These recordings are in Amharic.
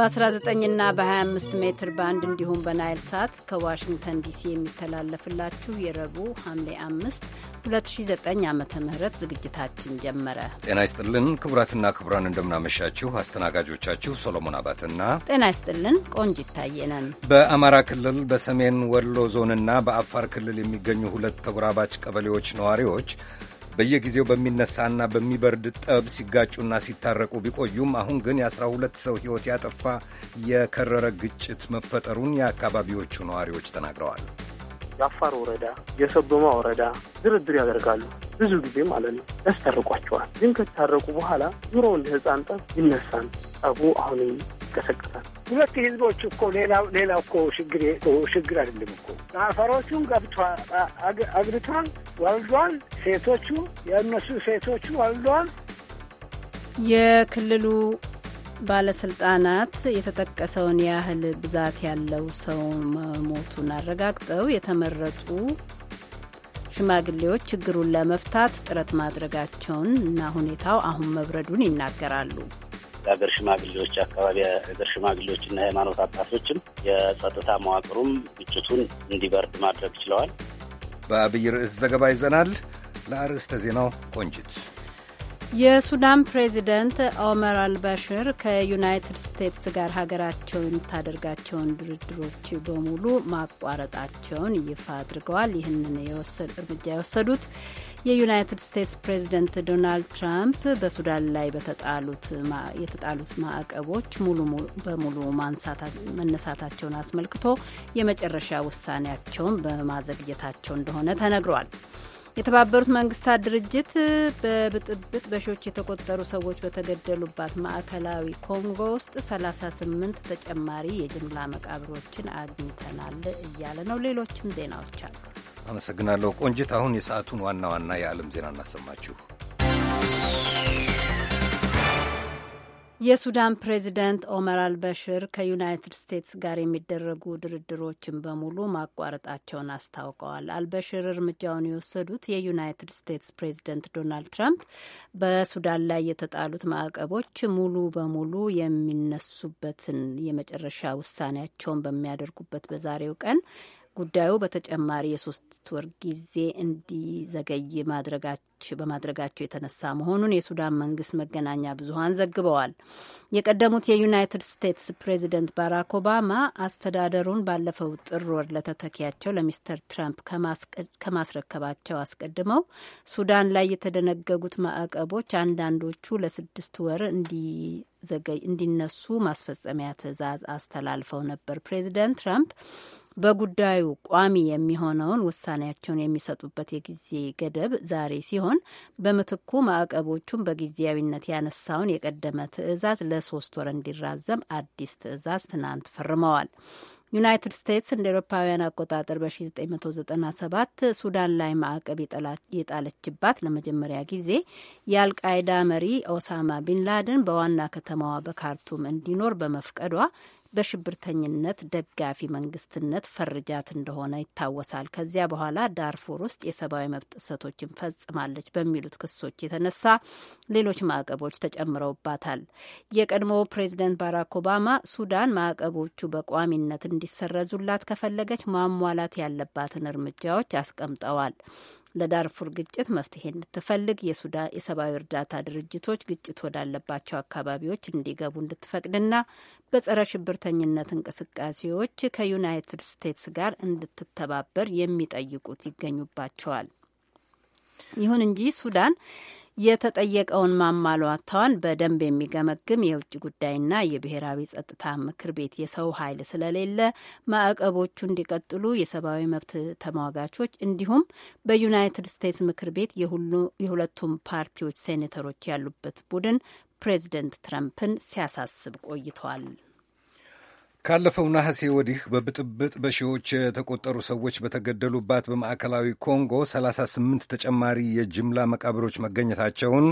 በ19ና በ25 ሜትር ባንድ እንዲሁም በናይል ሳት ከዋሽንግተን ዲሲ የሚተላለፍላችሁ የረቡዕ ሐምሌ 5 2009 ዓ ም ዝግጅታችን ጀመረ። ጤና ይስጥልን ክቡራትና ክቡራን፣ እንደምናመሻችሁ። አስተናጋጆቻችሁ ሶሎሞን አባትና ጤና ይስጥልን ቆንጅ ይታየነን። በአማራ ክልል በሰሜን ወሎ ዞንና በአፋር ክልል የሚገኙ ሁለት ተጎራባች ቀበሌዎች ነዋሪዎች በየጊዜው በሚነሳና በሚበርድ ጠብ ሲጋጩና ሲታረቁ ቢቆዩም አሁን ግን የአስራ ሁለት ሰው ሕይወት ያጠፋ የከረረ ግጭት መፈጠሩን የአካባቢዎቹ ነዋሪዎች ተናግረዋል። የአፋር ወረዳ፣ የሰበማ ወረዳ ድርድር ያደርጋሉ ብዙ ጊዜ ማለት ነው። ያስታርቋቸዋል። ግን ከታረቁ በኋላ ዙሮ እንደ ሕፃን ጠብ ይነሳል። ጠቡ አሁንም ይቀሰቀሳል። ሁለት ህዝቦች እኮ ሌላው ሌላው እኮ ችግር አይደለም እኮ አፈሮቹን ገብቷል፣ አግብቷል፣ ወልዷል። ሴቶቹ የእነሱ ሴቶቹ ወልዷል። የክልሉ ባለስልጣናት የተጠቀሰውን ያህል ብዛት ያለው ሰው መሞቱን አረጋግጠው የተመረጡ ሽማግሌዎች ችግሩን ለመፍታት ጥረት ማድረጋቸውን እና ሁኔታው አሁን መብረዱን ይናገራሉ። የሀገር ሽማግሌዎች፣ አካባቢ ሀገር ሽማግሌዎችና የሃይማኖት አባቶችም የጸጥታ መዋቅሩም ግጭቱን እንዲበርድ ማድረግ ችለዋል። በአብይ ርዕስ ዘገባ ይዘናል። ለአርዕስተ ዜናው ቆንጅት። የሱዳን ፕሬዚደንት ኦመር አልበሽር ከዩናይትድ ስቴትስ ጋር ሀገራቸው የምታደርጋቸውን ድርድሮች በሙሉ ማቋረጣቸውን ይፋ አድርገዋል። ይህንን እርምጃ የወሰዱት የዩናይትድ ስቴትስ ፕሬዝደንት ዶናልድ ትራምፕ በሱዳን ላይ የተጣሉት ማዕቀቦች ሙሉ በሙሉ መነሳታቸውን አስመልክቶ የመጨረሻ ውሳኔያቸውን በማዘግየታቸው እንደሆነ ተነግሯል። የተባበሩት መንግስታት ድርጅት በብጥብጥ በሺዎች የተቆጠሩ ሰዎች በተገደሉባት ማዕከላዊ ኮንጎ ውስጥ 38 ተጨማሪ የጅምላ መቃብሮችን አግኝተናል እያለ ነው። ሌሎችም ዜናዎች አሉ። አመሰግናለሁ ቆንጅት። አሁን የሰዓቱን ዋና ዋና የዓለም ዜና እናሰማችሁ። የሱዳን ፕሬዚደንት ኦመር አልበሽር ከዩናይትድ ስቴትስ ጋር የሚደረጉ ድርድሮችን በሙሉ ማቋረጣቸውን አስታውቀዋል። አልበሽር እርምጃውን የወሰዱት የዩናይትድ ስቴትስ ፕሬዚደንት ዶናልድ ትራምፕ በሱዳን ላይ የተጣሉት ማዕቀቦች ሙሉ በሙሉ የሚነሱበትን የመጨረሻ ውሳኔያቸውን በሚያደርጉበት በዛሬው ቀን ጉዳዩ በተጨማሪ የሶስት ወር ጊዜ እንዲዘገይ በማድረጋቸው የተነሳ መሆኑን የሱዳን መንግስት መገናኛ ብዙኃን ዘግበዋል። የቀደሙት የዩናይትድ ስቴትስ ፕሬዚደንት ባራክ ኦባማ አስተዳደሩን ባለፈው ጥር ወር ለተተኪያቸው ለሚስተር ትራምፕ ከማስረከባቸው አስቀድመው ሱዳን ላይ የተደነገጉት ማዕቀቦች አንዳንዶቹ ለስድስት ወር እንዲነሱ ማስፈጸሚያ ትዕዛዝ አስተላልፈው ነበር። ፕሬዚደንት ትራምፕ በጉዳዩ ቋሚ የሚሆነውን ውሳኔያቸውን የሚሰጡበት የጊዜ ገደብ ዛሬ ሲሆን በምትኩ ማዕቀቦቹን በጊዜያዊነት ያነሳውን የቀደመ ትዕዛዝ ለሶስት ወር እንዲራዘም አዲስ ትዕዛዝ ትናንት ፈርመዋል። ዩናይትድ ስቴትስ እንደ ኤሮፓውያን አቆጣጠር በ1997 ሱዳን ላይ ማዕቀብ የጣለችባት ለመጀመሪያ ጊዜ የአልቃይዳ መሪ ኦሳማ ቢንላደን በዋና ከተማዋ በካርቱም እንዲኖር በመፍቀዷ በሽብርተኝነት ደጋፊ መንግስትነት ፈርጃት እንደሆነ ይታወሳል። ከዚያ በኋላ ዳርፉር ውስጥ የሰብአዊ መብት ጥሰቶችን ፈጽማለች በሚሉት ክሶች የተነሳ ሌሎች ማዕቀቦች ተጨምረውባታል። የቀድሞ ፕሬዚደንት ባራክ ኦባማ ሱዳን ማዕቀቦቹ በቋሚነት እንዲሰረዙላት ከፈለገች ማሟላት ያለባትን እርምጃዎች አስቀምጠዋል። ለዳርፉር ግጭት መፍትሄ እንድትፈልግ የሱዳን የሰብአዊ እርዳታ ድርጅቶች ግጭት ወዳለባቸው አካባቢዎች እንዲገቡ እንድትፈቅድና በጸረ ሽብርተኝነት እንቅስቃሴዎች ከዩናይትድ ስቴትስ ጋር እንድትተባበር የሚጠይቁት ይገኙባቸዋል። ይሁን እንጂ ሱዳን የተጠየቀውን ማሟላቷን በደንብ የሚገመግም የውጭ ጉዳይና የብሔራዊ ጸጥታ ምክር ቤት የሰው ኃይል ስለሌለ ማዕቀቦቹ እንዲቀጥሉ የሰብአዊ መብት ተሟጋቾች እንዲሁም በዩናይትድ ስቴትስ ምክር ቤት የሁለቱም ፓርቲዎች ሴኔተሮች ያሉበት ቡድን ፕሬዚደንት ትራምፕን ሲያሳስብ ቆይቷል። ካለፈው ነሐሴ ወዲህ በብጥብጥ በሺዎች የተቆጠሩ ሰዎች በተገደሉባት በማዕከላዊ ኮንጎ 38 ተጨማሪ የጅምላ መቃብሮች መገኘታቸውን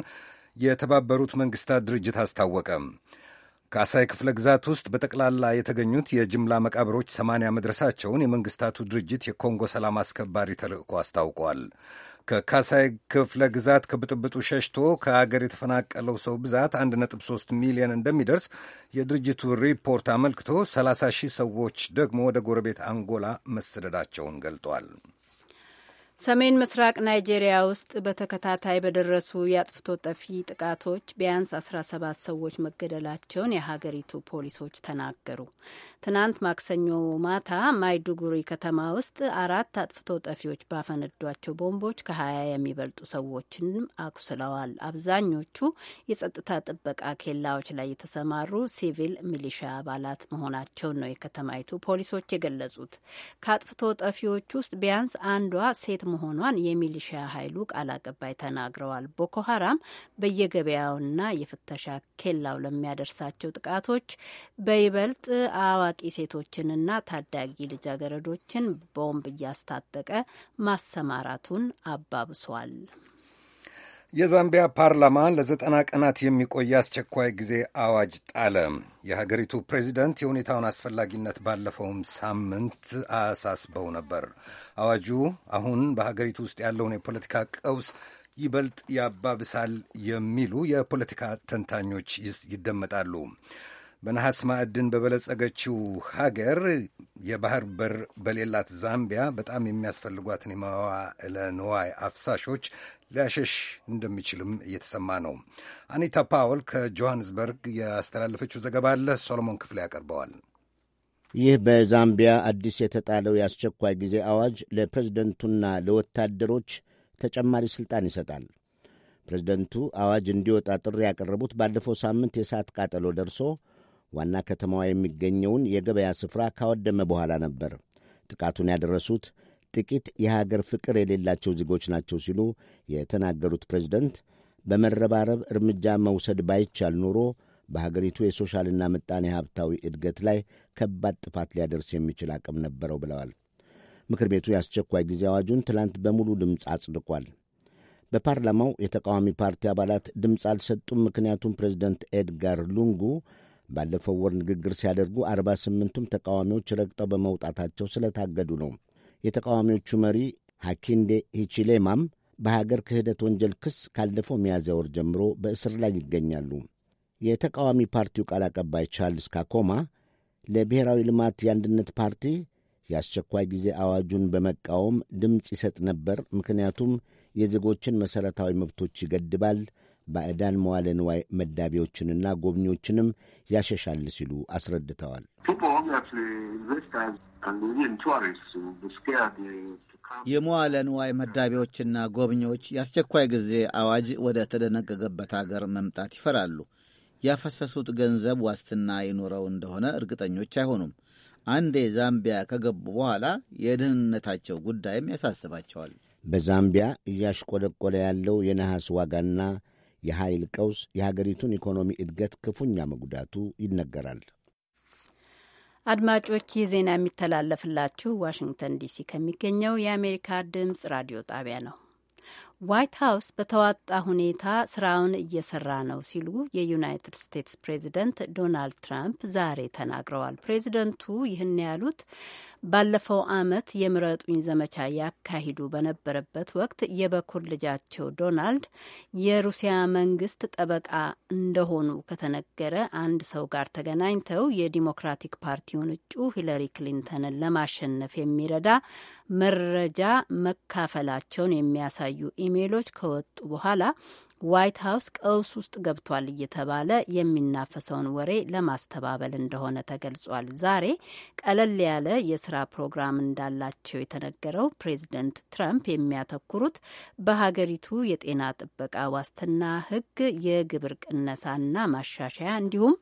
የተባበሩት መንግሥታት ድርጅት አስታወቀ። ከአሳይ ክፍለ ግዛት ውስጥ በጠቅላላ የተገኙት የጅምላ መቃብሮች 80 መድረሳቸውን የመንግሥታቱ ድርጅት የኮንጎ ሰላም አስከባሪ ተልእኮ አስታውቋል። ከካሳይ ክፍለ ግዛት ከብጥብጡ ሸሽቶ ከሀገር የተፈናቀለው ሰው ብዛት 1.3 ሚሊዮን እንደሚደርስ የድርጅቱ ሪፖርት አመልክቶ 30 ሺህ ሰዎች ደግሞ ወደ ጎረቤት አንጎላ መሰደዳቸውን ገልጧል። ሰሜን ምስራቅ ናይጄሪያ ውስጥ በተከታታይ በደረሱ የአጥፍቶ ጠፊ ጥቃቶች ቢያንስ 17 ሰዎች መገደላቸውን የሀገሪቱ ፖሊሶች ተናገሩ። ትናንት ማክሰኞ ማታ ማይዱጉሪ ከተማ ውስጥ አራት አጥፍቶ ጠፊዎች ባፈነዷቸው ቦምቦች ከ20 የሚበልጡ ሰዎችንም አቁስለዋል። አብዛኞቹ የጸጥታ ጥበቃ ኬላዎች ላይ የተሰማሩ ሲቪል ሚሊሻ አባላት መሆናቸውን ነው የከተማይቱ ፖሊሶች የገለጹት። ከአጥፍቶ ጠፊዎች ውስጥ ቢያንስ አንዷ ሴት መሆኗን የሚሊሺያ ኃይሉ ቃል አቀባይ ተናግረዋል። ቦኮ ሀራም በየገበያውና የፍተሻ ኬላው ለሚያደርሳቸው ጥቃቶች በይበልጥ አዋቂ ሴቶችንና ታዳጊ ልጃገረዶችን ቦምብ እያስታጠቀ ማሰማራቱን አባብሷል። የዛምቢያ ፓርላማ ለዘጠና ቀናት የሚቆይ አስቸኳይ ጊዜ አዋጅ ጣለ። የሀገሪቱ ፕሬዚደንት የሁኔታውን አስፈላጊነት ባለፈውም ሳምንት አሳስበው ነበር። አዋጁ አሁን በሀገሪቱ ውስጥ ያለውን የፖለቲካ ቀውስ ይበልጥ ያባብሳል የሚሉ የፖለቲካ ተንታኞች ይደመጣሉ። በነሐስ ማዕድን በበለጸገችው ሀገር የባህር በር በሌላት ዛምቢያ በጣም የሚያስፈልጓትን የመዋዕለ ንዋይ አፍሳሾች ሊያሸሽ እንደሚችልም እየተሰማ ነው። አኒታ ፓውል ከጆሃንስበርግ ያስተላለፈችው ዘገባ አለ። ሶሎሞን ክፍሌ ያቀርበዋል። ይህ በዛምቢያ አዲስ የተጣለው የአስቸኳይ ጊዜ አዋጅ ለፕሬዝደንቱና ለወታደሮች ተጨማሪ ሥልጣን ይሰጣል። ፕሬዝደንቱ አዋጅ እንዲወጣ ጥሪ ያቀረቡት ባለፈው ሳምንት የእሳት ቃጠሎ ደርሶ ዋና ከተማዋ የሚገኘውን የገበያ ስፍራ ካወደመ በኋላ ነበር። ጥቃቱን ያደረሱት ጥቂት የሀገር ፍቅር የሌላቸው ዜጎች ናቸው ሲሉ የተናገሩት ፕሬዚደንት በመረባረብ እርምጃ መውሰድ ባይቻል ኖሮ በሀገሪቱ የሶሻልና ምጣኔ ሀብታዊ እድገት ላይ ከባድ ጥፋት ሊያደርስ የሚችል አቅም ነበረው ብለዋል። ምክር ቤቱ የአስቸኳይ ጊዜ አዋጁን ትላንት በሙሉ ድምፅ አጽድቋል። በፓርላማው የተቃዋሚ ፓርቲ አባላት ድምፅ አልሰጡም። ምክንያቱም ፕሬዚደንት ኤድጋር ሉንጉ ባለፈው ወር ንግግር ሲያደርጉ አርባ ስምንቱም ተቃዋሚዎች ረግጠው በመውጣታቸው ስለታገዱ ነው። የተቃዋሚዎቹ መሪ ሐኪንዴ ሂቺሌማም በሀገር ክህደት ወንጀል ክስ ካለፈው ሚያዝያ ወር ጀምሮ በእስር ላይ ይገኛሉ። የተቃዋሚ ፓርቲው ቃል አቀባይ ቻርልስ ካኮማ ለብሔራዊ ልማት የአንድነት ፓርቲ የአስቸኳይ ጊዜ አዋጁን በመቃወም ድምፅ ይሰጥ ነበር፣ ምክንያቱም የዜጎችን መሠረታዊ መብቶች ይገድባል፣ ባዕዳን መዋለ ንዋይ መዳቢዎችንና ጎብኚዎችንም ያሸሻል ሲሉ አስረድተዋል። የመዋለ ንዋይ መዳቢዎችና ጎብኚዎች የአስቸኳይ ጊዜ አዋጅ ወደ ተደነገገበት አገር መምጣት ይፈራሉ። ያፈሰሱት ገንዘብ ዋስትና ይኖረው እንደሆነ እርግጠኞች አይሆኑም። አንዴ ዛምቢያ ከገቡ በኋላ የደህንነታቸው ጉዳይም ያሳስባቸዋል። በዛምቢያ እያሽቆለቆለ ያለው የነሐስ ዋጋና የኃይል ቀውስ የሀገሪቱን ኢኮኖሚ እድገት ክፉኛ መጉዳቱ ይነገራል። አድማጮች ይህ ዜና የሚተላለፍላችሁ ዋሽንግተን ዲሲ ከሚገኘው የአሜሪካ ድምፅ ራዲዮ ጣቢያ ነው። ዋይት ሀውስ በተዋጣ ሁኔታ ስራውን እየሰራ ነው ሲሉ የዩናይትድ ስቴትስ ፕሬዚደንት ዶናልድ ትራምፕ ዛሬ ተናግረዋል። ፕሬዚደንቱ ይህን ያሉት ባለፈው ዓመት የምረጡኝ ዘመቻ ያካሂዱ በነበረበት ወቅት የበኩር ልጃቸው ዶናልድ የሩሲያ መንግስት ጠበቃ እንደሆኑ ከተነገረ አንድ ሰው ጋር ተገናኝተው የዲሞክራቲክ ፓርቲውን እጩ ሂለሪ ክሊንተንን ለማሸነፍ የሚረዳ መረጃ መካፈላቸውን የሚያሳዩ ኢሜሎች ከወጡ በኋላ ዋይት ሀውስ ቀውስ ውስጥ ገብቷል እየተባለ የሚናፈሰውን ወሬ ለማስተባበል እንደሆነ ተገልጿል። ዛሬ ቀለል ያለ የስራ ፕሮግራም እንዳላቸው የተነገረው ፕሬዚደንት ትራምፕ የሚያተኩሩት በሀገሪቱ የጤና ጥበቃ ዋስትና ህግ የግብር ቅነሳና ማሻሻያ እንዲሁም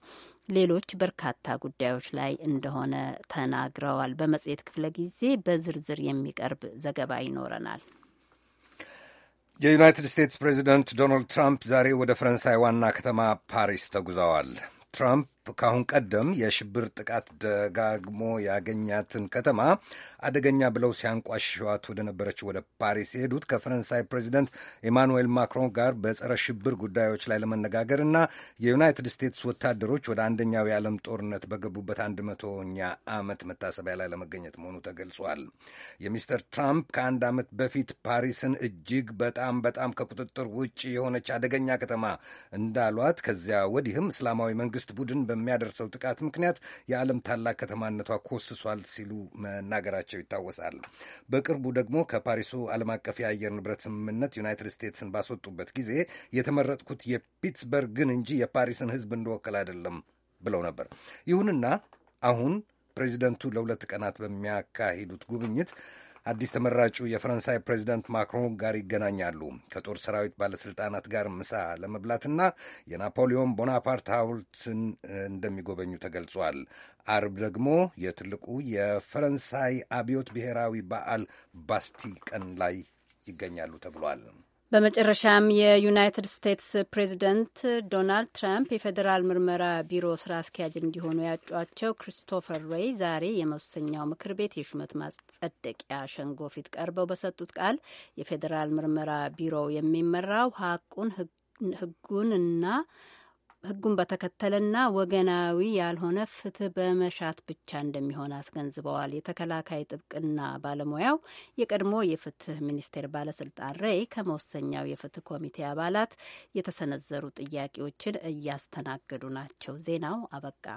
ሌሎች በርካታ ጉዳዮች ላይ እንደሆነ ተናግረዋል። በመጽሔት ክፍለ ጊዜ በዝርዝር የሚቀርብ ዘገባ ይኖረናል። የዩናይትድ ስቴትስ ፕሬዚደንት ዶናልድ ትራምፕ ዛሬ ወደ ፈረንሳይ ዋና ከተማ ፓሪስ ተጉዘዋል። ትራምፕ ከአሁን ቀደም የሽብር ጥቃት ደጋግሞ ያገኛትን ከተማ አደገኛ ብለው ሲያንቋሸዋት ወደ ነበረችው ወደ ፓሪስ የሄዱት ከፈረንሳይ ፕሬዚደንት ኤማኑኤል ማክሮን ጋር በጸረ ሽብር ጉዳዮች ላይ ለመነጋገር እና የዩናይትድ ስቴትስ ወታደሮች ወደ አንደኛው የዓለም ጦርነት በገቡበት አንድ መቶኛ ዓመት መታሰቢያ ላይ ለመገኘት መሆኑ ተገልጿል። የሚስተር ትራምፕ ከአንድ ዓመት በፊት ፓሪስን እጅግ በጣም በጣም ከቁጥጥር ውጭ የሆነች አደገኛ ከተማ እንዳሏት ከዚያ ወዲህም እስላማዊ መንግስት ቡድን በሚያደርሰው ጥቃት ምክንያት የዓለም ታላቅ ከተማነቷ ኮስሷል ሲሉ መናገራቸው ይታወሳል። በቅርቡ ደግሞ ከፓሪሱ ዓለም አቀፍ የአየር ንብረት ስምምነት ዩናይትድ ስቴትስን ባስወጡበት ጊዜ የተመረጥኩት የፒትስበርግን እንጂ የፓሪስን ሕዝብ እንደወከል አይደለም ብለው ነበር። ይሁንና አሁን ፕሬዚደንቱ ለሁለት ቀናት በሚያካሂዱት ጉብኝት አዲስ ተመራጩ የፈረንሳይ ፕሬዚደንት ማክሮን ጋር ይገናኛሉ። ከጦር ሰራዊት ባለስልጣናት ጋር ምሳ ለመብላትና የናፖሊዮን ቦናፓርት ሐውልትን እንደሚጎበኙ ተገልጿል። አርብ ደግሞ የትልቁ የፈረንሳይ አብዮት ብሔራዊ በዓል ባስቲ ቀን ላይ ይገኛሉ ተብሏል። በመጨረሻም የዩናይትድ ስቴትስ ፕሬዚደንት ዶናልድ ትራምፕ የፌዴራል ምርመራ ቢሮ ስራ አስኪያጅ እንዲሆኑ ያጯቸው ክሪስቶፈር ሬይ ዛሬ የመወሰኛው ምክር ቤት የሹመት ማጸደቂያ ሸንጎ ፊት ቀርበው በሰጡት ቃል የፌዴራል ምርመራ ቢሮው የሚመራው ሀቁን ህጉንና ህጉን በተከተለና ወገናዊ ያልሆነ ፍትህ በመሻት ብቻ እንደሚሆን አስገንዝበዋል። የተከላካይ ጥብቅና ባለሙያው የቀድሞ የፍትህ ሚኒስቴር ባለስልጣን ሬይ ከመወሰኛው የፍትህ ኮሚቴ አባላት የተሰነዘሩ ጥያቄዎችን እያስተናገዱ ናቸው። ዜናው አበቃ።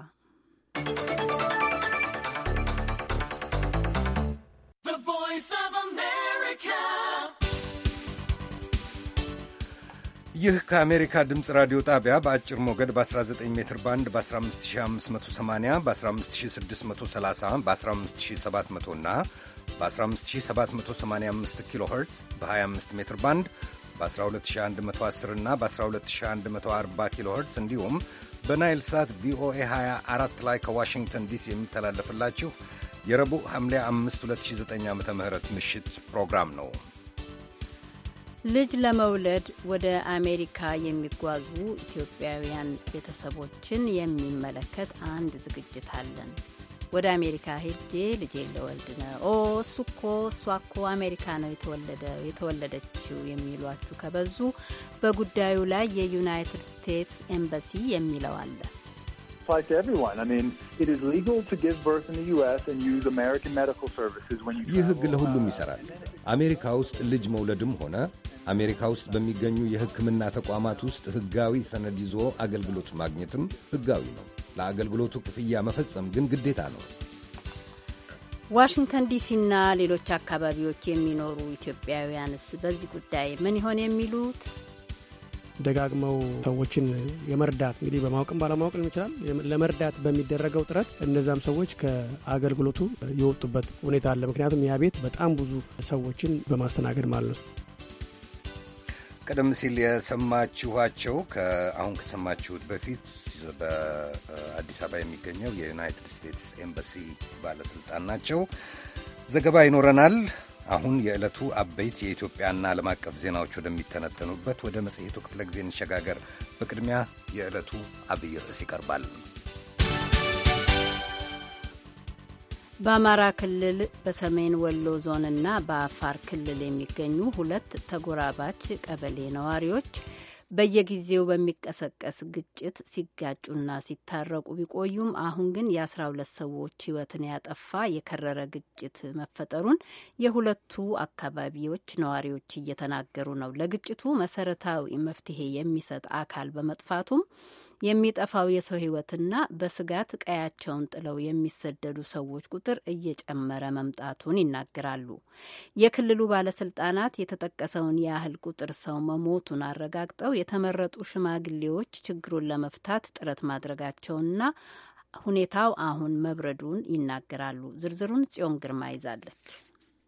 ይህ ከአሜሪካ ድምፅ ራዲዮ ጣቢያ በአጭር ሞገድ በ19 ሜትር ባንድ በ15580 በ15630 በ15700 እና በ15785 ኪሎ ኸርትዝ በ25 ሜትር ባንድ በ12110 እና በ12140 ኪሎ ኸርትዝ እንዲሁም በናይል ሳት ቪኦኤ 24 ላይ ከዋሽንግተን ዲሲ የሚተላለፍላችሁ የረቡዕ ሐምሌ 5 2009 ዓ ም ምሽት ፕሮግራም ነው። ልጅ ለመውለድ ወደ አሜሪካ የሚጓዙ ኢትዮጵያውያን ቤተሰቦችን የሚመለከት አንድ ዝግጅት አለን። ወደ አሜሪካ ሄጄ ልጄ ለወልድ ነው፣ ኦ እሱ እኮ እሷ እኮ አሜሪካ ነው የተወለደ የተወለደችው የሚሏችሁ ከበዙ በጉዳዩ ላይ የዩናይትድ ስቴትስ ኤምባሲ የሚለው አለ። apply to everyone. I mean, it is legal to give birth in the US and use American medical services when you travel. ይህ ሕግ ለሁሉም ይሠራል። አሜሪካ ውስጥ ልጅ መውለድም ሆነ አሜሪካ ውስጥ በሚገኙ የሕክምና ተቋማት ውስጥ ሕጋዊ ሰነድ ይዞ አገልግሎት ማግኘትም ሕጋዊ ነው። ለአገልግሎቱ ክፍያ መፈጸም ግን ግዴታ ነው። ዋሽንግተን ዲሲና ሌሎች አካባቢዎች የሚኖሩ ኢትዮጵያውያንስ በዚህ ጉዳይ ምን ይሆን የሚሉት ደጋግመው ሰዎችን የመርዳት እንግዲህ በማወቅም ባለማወቅ ሊሆን ይችላል ለመርዳት በሚደረገው ጥረት እነዛም ሰዎች ከአገልግሎቱ የወጡበት ሁኔታ አለ። ምክንያቱም ያ ቤት በጣም ብዙ ሰዎችን በማስተናገድ ማለት ነው። ቀደም ሲል የሰማችኋቸው አሁን ከሰማችሁት በፊት በአዲስ አበባ የሚገኘው የዩናይትድ ስቴትስ ኤምባሲ ባለስልጣን ናቸው። ዘገባ ይኖረናል። አሁን የዕለቱ አበይት የኢትዮጵያና ዓለም አቀፍ ዜናዎች ወደሚተነተኑበት ወደ መጽሔቱ ክፍለ ጊዜ እንሸጋገር። በቅድሚያ የዕለቱ አብይ ርዕስ ይቀርባል። በአማራ ክልል በሰሜን ወሎ ዞንና በአፋር ክልል የሚገኙ ሁለት ተጎራባች ቀበሌ ነዋሪዎች በየጊዜው በሚቀሰቀስ ግጭት ሲጋጩና ሲታረቁ ቢቆዩም አሁን ግን የአስራ ሁለት ሰዎች ህይወትን ያጠፋ የከረረ ግጭት መፈጠሩን የሁለቱ አካባቢዎች ነዋሪዎች እየተናገሩ ነው። ለግጭቱ መሰረታዊ መፍትሄ የሚሰጥ አካል በመጥፋቱም የሚጠፋው የሰው ህይወትና በስጋት ቀያቸውን ጥለው የሚሰደዱ ሰዎች ቁጥር እየጨመረ መምጣቱን ይናገራሉ። የክልሉ ባለስልጣናት የተጠቀሰውን ያህል ቁጥር ሰው መሞቱን አረጋግጠው የተመረጡ ሽማግሌዎች ችግሩን ለመፍታት ጥረት ማድረጋቸውና ሁኔታው አሁን መብረዱን ይናገራሉ። ዝርዝሩን ጽዮን ግርማ ይዛለች።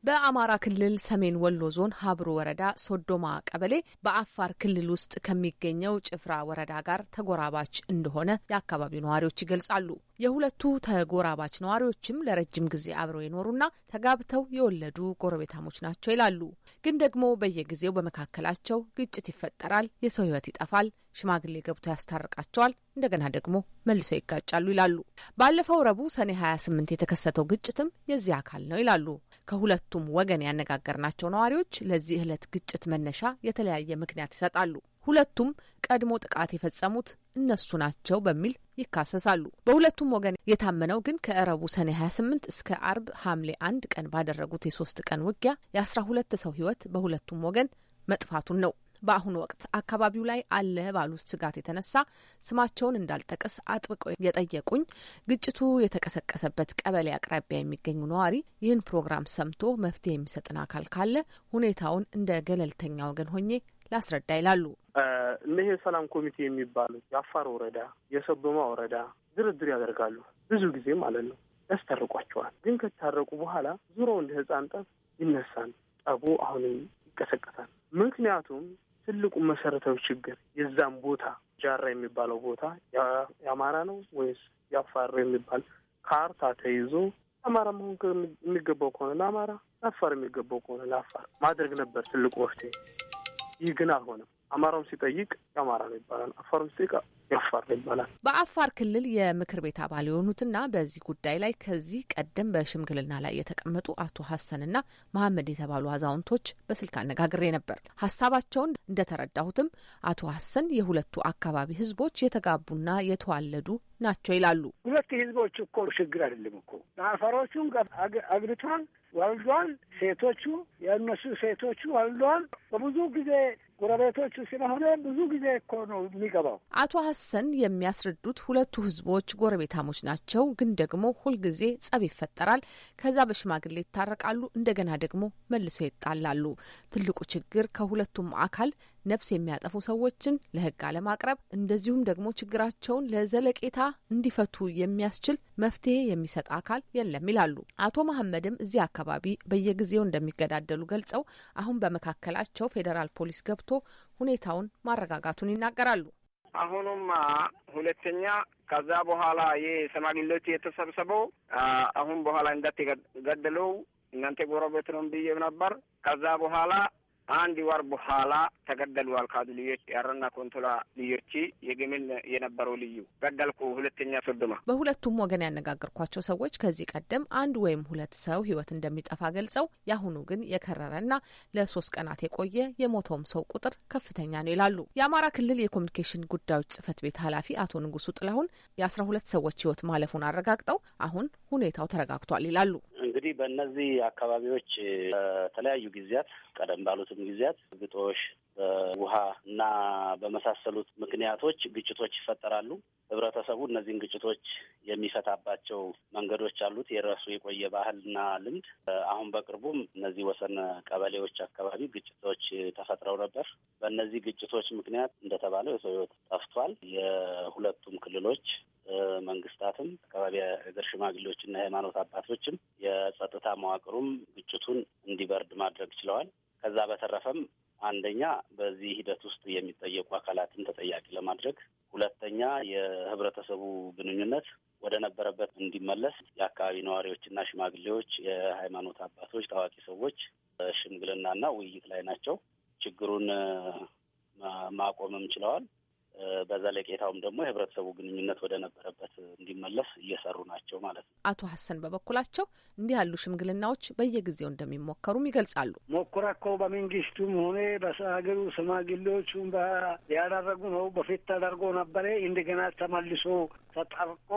በአማራ ክልል ሰሜን ወሎ ዞን ሀብሩ ወረዳ ሶዶማ ቀበሌ በአፋር ክልል ውስጥ ከሚገኘው ጭፍራ ወረዳ ጋር ተጎራባች እንደሆነ የአካባቢው ነዋሪዎች ይገልጻሉ። የሁለቱ ተጎራባች ነዋሪዎችም ለረጅም ጊዜ አብረው የኖሩና ተጋብተው የወለዱ ጎረቤታሞች ናቸው ይላሉ። ግን ደግሞ በየጊዜው በመካከላቸው ግጭት ይፈጠራል፣ የሰው ሕይወት ይጠፋል፣ ሽማግሌ ገብቶ ያስታርቃቸዋል፣ እንደገና ደግሞ መልሰው ይጋጫሉ ይላሉ። ባለፈው ረቡዕ ሰኔ 28 የተከሰተው ግጭትም የዚህ አካል ነው ይላሉ። ከሁለቱም ወገን ያነጋገርናቸው ነዋሪዎች ለዚህ ዕለት ግጭት መነሻ የተለያየ ምክንያት ይሰጣሉ። ሁለቱም ቀድሞ ጥቃት የፈጸሙት እነሱ ናቸው በሚል ይካሰሳሉ። በሁለቱም ወገን የታመነው ግን ከእረቡ ሰኔ 28 እስከ አርብ ሐምሌ አንድ ቀን ባደረጉት የሶስት ቀን ውጊያ የ12 ሰው ህይወት በሁለቱም ወገን መጥፋቱን ነው። በአሁኑ ወቅት አካባቢው ላይ አለ ባሉት ስጋት የተነሳ ስማቸውን እንዳልጠቀስ አጥብቀው የጠየቁኝ ግጭቱ የተቀሰቀሰበት ቀበሌ አቅራቢያ የሚገኙ ነዋሪ ይህን ፕሮግራም ሰምቶ መፍትሄ የሚሰጥን አካል ካለ ሁኔታውን እንደ ገለልተኛ ወገን ሆኜ ላስረዳ ይላሉ። እነህ የሰላም ኮሚቴ የሚባሉ የአፋር ወረዳ፣ የሰበማ ወረዳ ድርድር ያደርጋሉ ብዙ ጊዜ ማለት ነው። ያስታርቋቸዋል። ግን ከታረቁ በኋላ ዙሮ እንደ ህፃን ጠብ ይነሳል። ጠቡ አሁንም ይቀሰቀሳል። ምክንያቱም ትልቁ መሰረታዊ ችግር የዛም ቦታ ጃራ የሚባለው ቦታ የአማራ ነው ወይስ የአፋር የሚባል ካርታ ተይዞ አማራ መሆን የሚገባው ከሆነ ለአማራ፣ ለአፋር የሚገባው ከሆነ ለአፋር ማድረግ ነበር ትልቁ መፍትሄ። ይህ ግን አልሆነም። አማራውም ሲጠይቅ የአማራ ነው ይባላል። አፋሩም ሲጠይቅ የአፋር ነው ይባላል። በአፋር ክልል የምክር ቤት አባል የሆኑትና በዚህ ጉዳይ ላይ ከዚህ ቀደም በሽምግልና ላይ የተቀመጡ አቶ ሀሰንና መሀመድ የተባሉ አዛውንቶች በስልክ አነጋግሬ ነበር። ሀሳባቸውን እንደተረዳሁትም አቶ ሀሰን የሁለቱ አካባቢ ህዝቦች የተጋቡና የተዋለዱ ናቸው ይላሉ። ሁለት ህዝቦች እኮ ችግር አይደለም እኮ አፋሮቹን አግብቷል፣ ወልዷል። ሴቶቹ የእነሱ ሴቶቹ ወልዷል። በብዙ ጊዜ ጎረቤቶቹ ስለሆነ ብዙ ጊዜ እኮ ነው የሚገባው። አቶ ሀሰን የሚያስረዱት ሁለቱ ህዝቦች ጎረቤታሞች ናቸው፣ ግን ደግሞ ሁልጊዜ ጸብ ይፈጠራል። ከዛ በሽማግሌ ይታረቃሉ፣ እንደገና ደግሞ መልሰው ይጣላሉ። ትልቁ ችግር ከሁለቱም አካል ነፍስ የሚያጠፉ ሰዎችን ለህግ አለማቅረብ እንደዚሁም ደግሞ ችግራቸውን ለዘለቄታ እንዲፈቱ የሚያስችል መፍትሄ የሚሰጥ አካል የለም ይላሉ። አቶ መሐመድም እዚህ አካባቢ በየጊዜው እንደሚገዳደሉ ገልጸው አሁን በመካከላቸው ፌዴራል ፖሊስ ገብቶ ሁኔታውን ማረጋጋቱን ይናገራሉ። አሁኑማ ሁለተኛ ከዛ በኋላ የሰማግሌዎች የተሰብሰበው አሁን በኋላ እንዳትገደለው እናንተ ጎረቤት ነው ብዬ ነበር። ከዛ በኋላ አንድ ወር በኋላ ተገደሉ ካዱ ልዮች ያረና ኮንቶላ ልዮች የግምል የነበረው ልዩ ገደልኩ ሁለተኛ ፍርድማ በሁለቱም ወገን ያነጋገርኳቸው ሰዎች ከዚህ ቀደም አንድ ወይም ሁለት ሰው ህይወት እንደሚጠፋ ገልጸው የአሁኑ ግን የከረረና ለሶስት ቀናት የቆየ የሞተውም ሰው ቁጥር ከፍተኛ ነው ይላሉ። የአማራ ክልል የኮሚኒኬሽን ጉዳዮች ጽህፈት ቤት ኃላፊ አቶ ንጉሱ ጥላሁን የአስራ ሁለት ሰዎች ህይወት ማለፉን አረጋግጠው አሁን ሁኔታው ተረጋግቷል ይላሉ። እንግዲህ በእነዚህ አካባቢዎች በተለያዩ ጊዜያት ቀደም ባሉትም ጊዜያት ግጦሽ በውሃ እና በመሳሰሉት ምክንያቶች ግጭቶች ይፈጠራሉ። ህብረተሰቡ እነዚህን ግጭቶች የሚፈታባቸው መንገዶች አሉት። የራሱ የቆየ ባህልና ልምድ። አሁን በቅርቡም እነዚህ ወሰን ቀበሌዎች አካባቢ ግጭቶች ተፈጥረው ነበር። በእነዚህ ግጭቶች ምክንያት እንደተባለው የሰው ህይወት ጠፍቷል። የሁለቱም ክልሎች መንግስታትም አካባቢ ሀገር ሽማግሌዎችና የሃይማኖት አባቶችም የጸጥታ መዋቅሩም ግጭቱን እንዲበርድ ማድረግ ችለዋል። ከዛ በተረፈም አንደኛ በዚህ ሂደት ውስጥ የሚጠየቁ አካላትን ተጠያቂ ለማድረግ፣ ሁለተኛ የህብረተሰቡ ግንኙነት ወደ ነበረበት እንዲመለስ የአካባቢ ነዋሪዎችና ሽማግሌዎች፣ የሃይማኖት አባቶች፣ ታዋቂ ሰዎች ሽምግልናና ውይይት ላይ ናቸው። ችግሩን ማቆምም ችለዋል። በዘለቄታውም ደግሞ የህብረተሰቡ ግንኙነት ወደ ነበረበት እንዲመለስ እየሰሩ ናቸው ማለት ነው። አቶ ሀሰን በበኩላቸው እንዲህ ያሉ ሽምግልናዎች በየጊዜው እንደሚሞከሩም ይገልጻሉ። ሞክራ እኮ በመንግስቱም ሆነ በሀገሩ ሽማግሌዎቹም ያደረጉ ነው። በፊት ተደርጎ ነበረ። እንደገና ተመልሶ ተጠርቆ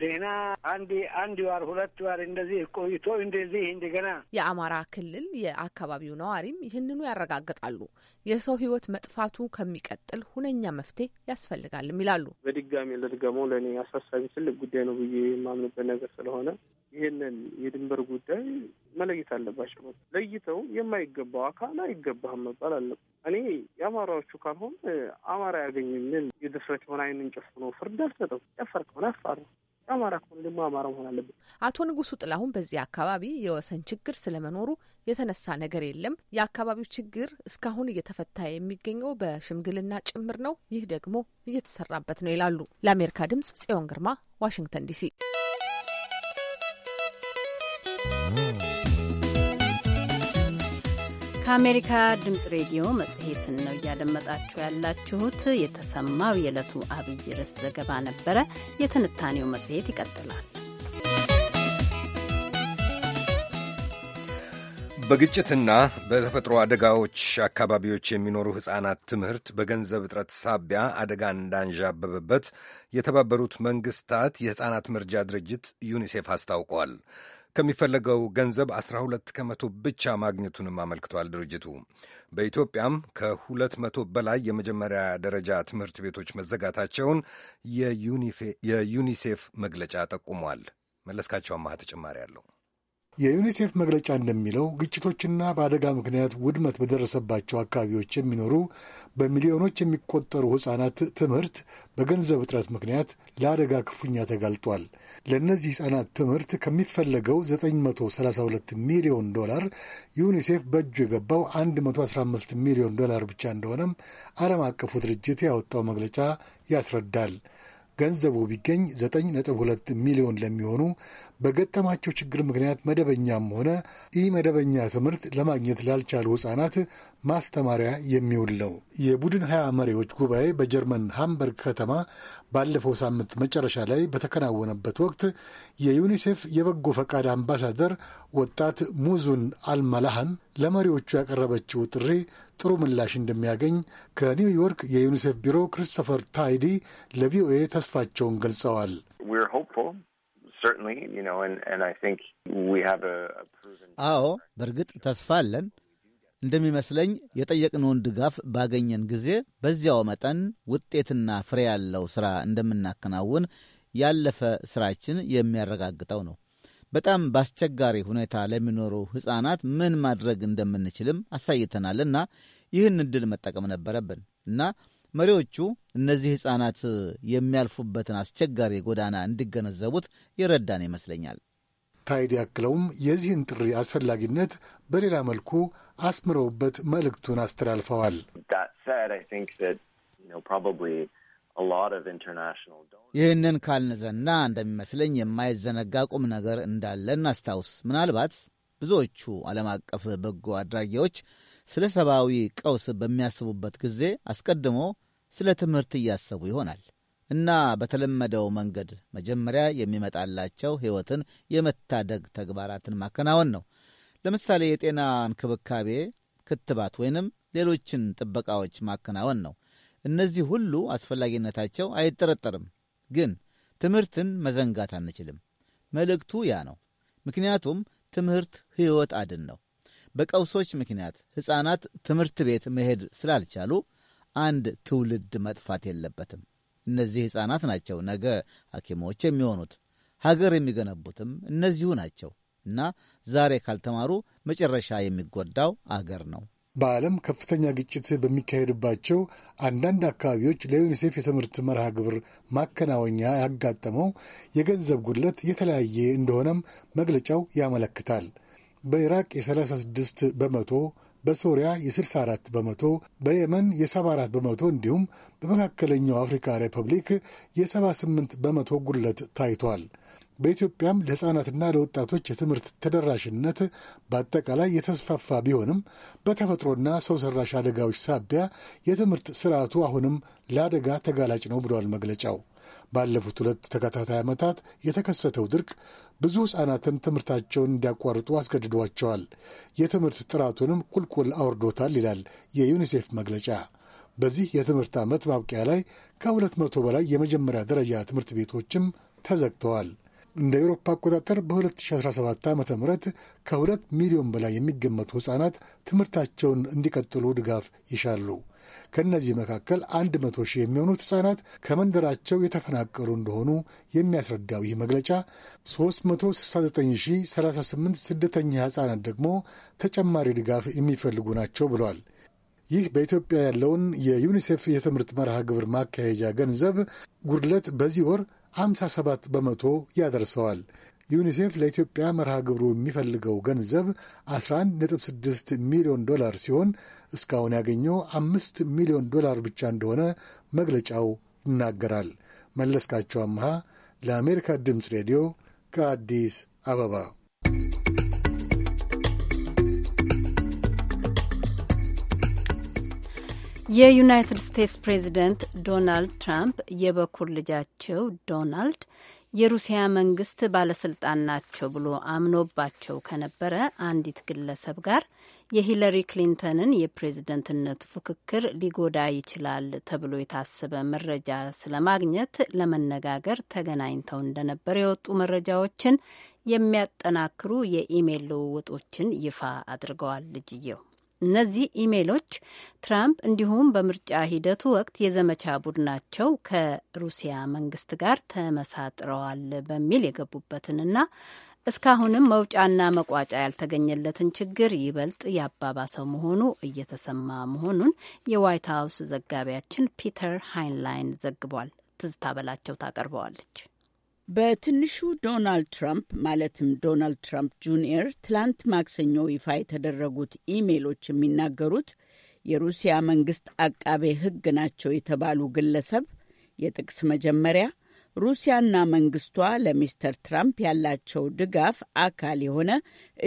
ደህና አንድ አንድ ዋር ሁለት ዋር እንደዚህ ቆይቶ እንደዚህ እንደገና የአማራ ክልል የአካባቢው ነዋሪም ይህንኑ ያረጋግጣሉ። የሰው ህይወት መጥፋቱ ከሚቀጥል ሁነኛ መፍትሄ ያስፈልጋልም ይላሉ። በድጋሚ ለድገመው ለእኔ አሳሳቢ ትልቅ ጉዳይ ነው ብዬ የማምንበት ነገር ስለሆነ ይህንን የድንበር ጉዳይ መለየት አለባቸው። ለይተው የማይገባው አካል አይገባህም መባል አለበት። እኔ የአማራዎቹ ካልሆን አማራ ያገኝልን የድፍረት የሆነ አይንን ጨፍኖ ፍርድ አልሰጠም። ጨፈር ከሆነ አፋር ነው አማራ ከሆነ ደግሞ አማራ መሆን አለበት። አቶ ንጉሱ ጥላሁን በዚህ አካባቢ የወሰን ችግር ስለመኖሩ የተነሳ ነገር የለም። የአካባቢው ችግር እስካሁን እየተፈታ የሚገኘው በሽምግልና ጭምር ነው። ይህ ደግሞ እየተሰራበት ነው ይላሉ። ለአሜሪካ ድምጽ ጽዮን ግርማ ዋሽንግተን ዲሲ ከአሜሪካ ድምፅ ሬዲዮ መጽሔትን ነው እያደመጣችሁ ያላችሁት። የተሰማው የዕለቱ አብይ ርዕስ ዘገባ ነበረ። የትንታኔው መጽሔት ይቀጥላል። በግጭትና በተፈጥሮ አደጋዎች አካባቢዎች የሚኖሩ ሕፃናት ትምህርት በገንዘብ እጥረት ሳቢያ አደጋ እንዳንዣበበበት የተባበሩት መንግሥታት የሕፃናት መርጃ ድርጅት ዩኒሴፍ አስታውቋል። ከሚፈለገው ገንዘብ 12 ከመቶ ብቻ ማግኘቱንም አመልክቷል ድርጅቱ። በኢትዮጵያም ከ መቶ በላይ የመጀመሪያ ደረጃ ትምህርት ቤቶች መዘጋታቸውን የዩኒሴፍ መግለጫ ጠቁሟል። መለስካቸው አማሃ ተጨማሪ አለው። የዩኒሴፍ መግለጫ እንደሚለው ግጭቶችና በአደጋ ምክንያት ውድመት በደረሰባቸው አካባቢዎች የሚኖሩ በሚሊዮኖች የሚቆጠሩ ሕፃናት ትምህርት በገንዘብ እጥረት ምክንያት ለአደጋ ክፉኛ ተጋልጧል። ለእነዚህ ህጻናት ትምህርት ከሚፈለገው 932 ሚሊዮን ዶላር ዩኒሴፍ በእጁ የገባው 115 ሚሊዮን ዶላር ብቻ እንደሆነም ዓለም አቀፉ ድርጅት ያወጣው መግለጫ ያስረዳል። ገንዘቡ ቢገኝ 9.2 ሚሊዮን ለሚሆኑ በገጠማቸው ችግር ምክንያት መደበኛም ሆነ ኢ መደበኛ ትምህርት ለማግኘት ላልቻሉ ሕጻናት ማስተማሪያ የሚውል ነው። የቡድን ሀያ መሪዎች ጉባኤ በጀርመን ሃምበርግ ከተማ ባለፈው ሳምንት መጨረሻ ላይ በተከናወነበት ወቅት የዩኒሴፍ የበጎ ፈቃድ አምባሳደር ወጣት ሙዙን አልመላህን ለመሪዎቹ ያቀረበችው ጥሪ ጥሩ ምላሽ እንደሚያገኝ ከኒውዮርክ የዩኒሴፍ ቢሮ ክሪስቶፈር ታይዲ ለቪኦኤ ተስፋቸውን ገልጸዋል። አዎ በእርግጥ ተስፋ አለን። እንደሚመስለኝ የጠየቅነውን ድጋፍ ባገኘን ጊዜ በዚያው መጠን ውጤትና ፍሬ ያለው ሥራ እንደምናከናውን ያለፈ ሥራችን የሚያረጋግጠው ነው። በጣም በአስቸጋሪ ሁኔታ ለሚኖሩ ሕፃናት ምን ማድረግ እንደምንችልም አሳይተናልና ይህን ዕድል መጠቀም ነበረብን እና መሪዎቹ እነዚህ ሕፃናት የሚያልፉበትን አስቸጋሪ ጎዳና እንዲገነዘቡት ይረዳን ይመስለኛል። ታይድ ያክለውም የዚህን ጥሪ አስፈላጊነት በሌላ መልኩ አስምረውበት መልእክቱን አስተላልፈዋል። ይህንን ካልንዘና እንደሚመስለኝ የማይዘነጋ ቁም ነገር እንዳለ እናስታውስ። ምናልባት ብዙዎቹ ዓለም አቀፍ በጎ አድራጊዎች ስለ ሰብአዊ ቀውስ በሚያስቡበት ጊዜ አስቀድሞ ስለ ትምህርት እያሰቡ ይሆናል እና በተለመደው መንገድ መጀመሪያ የሚመጣላቸው ሕይወትን የመታደግ ተግባራትን ማከናወን ነው። ለምሳሌ የጤና እንክብካቤ፣ ክትባት ወይንም ሌሎችን ጥበቃዎች ማከናወን ነው። እነዚህ ሁሉ አስፈላጊነታቸው አይጠረጠርም። ግን ትምህርትን መዘንጋት አንችልም። መልእክቱ ያ ነው። ምክንያቱም ትምህርት ሕይወት አድን ነው። በቀውሶች ምክንያት ሕፃናት ትምህርት ቤት መሄድ ስላልቻሉ አንድ ትውልድ መጥፋት የለበትም። እነዚህ ሕፃናት ናቸው ነገ ሐኪሞች የሚሆኑት፣ ሀገር የሚገነቡትም እነዚሁ ናቸው እና ዛሬ ካልተማሩ መጨረሻ የሚጎዳው አገር ነው። በዓለም ከፍተኛ ግጭት በሚካሄድባቸው አንዳንድ አካባቢዎች ለዩኒሴፍ የትምህርት መርሃ ግብር ማከናወኛ ያጋጠመው የገንዘብ ጉድለት የተለያየ እንደሆነም መግለጫው ያመለክታል። በኢራቅ የ36 በመቶ በሶሪያ የ64 በመቶ በየመን የ74 በመቶ እንዲሁም በመካከለኛው አፍሪካ ሪፐብሊክ የ78 በመቶ ጉድለት ታይቷል። በኢትዮጵያም ለሕፃናትና ለወጣቶች የትምህርት ተደራሽነት በአጠቃላይ የተስፋፋ ቢሆንም በተፈጥሮና ሰው ሰራሽ አደጋዎች ሳቢያ የትምህርት ስርዓቱ አሁንም ለአደጋ ተጋላጭ ነው ብሏል መግለጫው። ባለፉት ሁለት ተከታታይ ዓመታት የተከሰተው ድርቅ ብዙ ሕፃናትን ትምህርታቸውን እንዲያቋርጡ አስገድዷቸዋል። የትምህርት ጥራቱንም ቁልቁል አውርዶታል ይላል የዩኒሴፍ መግለጫ። በዚህ የትምህርት ዓመት ማብቂያ ላይ ከሁለት መቶ በላይ የመጀመሪያ ደረጃ ትምህርት ቤቶችም ተዘግተዋል። እንደ ኤውሮፓ አቆጣጠር በ2017 ዓ ም ከሁለት ሚሊዮን በላይ የሚገመቱ ሕፃናት ትምህርታቸውን እንዲቀጥሉ ድጋፍ ይሻሉ። ከእነዚህ መካከል አንድ መቶ ሺህ የሚሆኑት ህጻናት ከመንደራቸው የተፈናቀሉ እንደሆኑ የሚያስረዳው ይህ መግለጫ 369038 ስደተኛ ህጻናት ደግሞ ተጨማሪ ድጋፍ የሚፈልጉ ናቸው ብሏል። ይህ በኢትዮጵያ ያለውን የዩኒሴፍ የትምህርት መርሃ ግብር ማካሄጃ ገንዘብ ጉድለት በዚህ ወር 57 በመቶ ያደርሰዋል። ዩኒሴፍ ለኢትዮጵያ መርሃ ግብሩ የሚፈልገው ገንዘብ 11.6 ሚሊዮን ዶላር ሲሆን እስካሁን ያገኘው አምስት ሚሊዮን ዶላር ብቻ እንደሆነ መግለጫው ይናገራል። መለስካቸው አምሃ ለአሜሪካ ድምፅ ሬዲዮ ከአዲስ አበባ የዩናይትድ ስቴትስ ፕሬዚደንት ዶናልድ ትራምፕ የበኩር ልጃቸው ዶናልድ የሩሲያ መንግስት ባለስልጣን ናቸው ብሎ አምኖባቸው ከነበረ አንዲት ግለሰብ ጋር የሂለሪ ክሊንተንን የፕሬዝደንትነት ፉክክር ሊጎዳ ይችላል ተብሎ የታሰበ መረጃ ስለማግኘት ለመነጋገር ተገናኝተው እንደነበር የወጡ መረጃዎችን የሚያጠናክሩ የኢሜይል ልውውጦችን ይፋ አድርገዋል። ልጅየው እነዚህ ኢሜሎች ትራምፕ እንዲሁም በምርጫ ሂደቱ ወቅት የዘመቻ ቡድናቸው ከሩሲያ መንግስት ጋር ተመሳጥረዋል በሚል የገቡበትንና እስካሁንም መውጫና መቋጫ ያልተገኘለትን ችግር ይበልጥ ያባባሰው መሆኑ እየተሰማ መሆኑን የዋይት ሀውስ ዘጋቢያችን ፒተር ሃይንላይን ዘግቧል። ትዝታ በላቸው ታቀርበዋለች። በትንሹ ዶናልድ ትራምፕ ማለትም ዶናልድ ትራምፕ ጁኒየር ትላንት ማክሰኞ ይፋ የተደረጉት ኢሜሎች የሚናገሩት የሩሲያ መንግስት አቃቤ ሕግ ናቸው የተባሉ ግለሰብ የጥቅስ መጀመሪያ ሩሲያና መንግስቷ ለሚስተር ትራምፕ ያላቸው ድጋፍ አካል የሆነ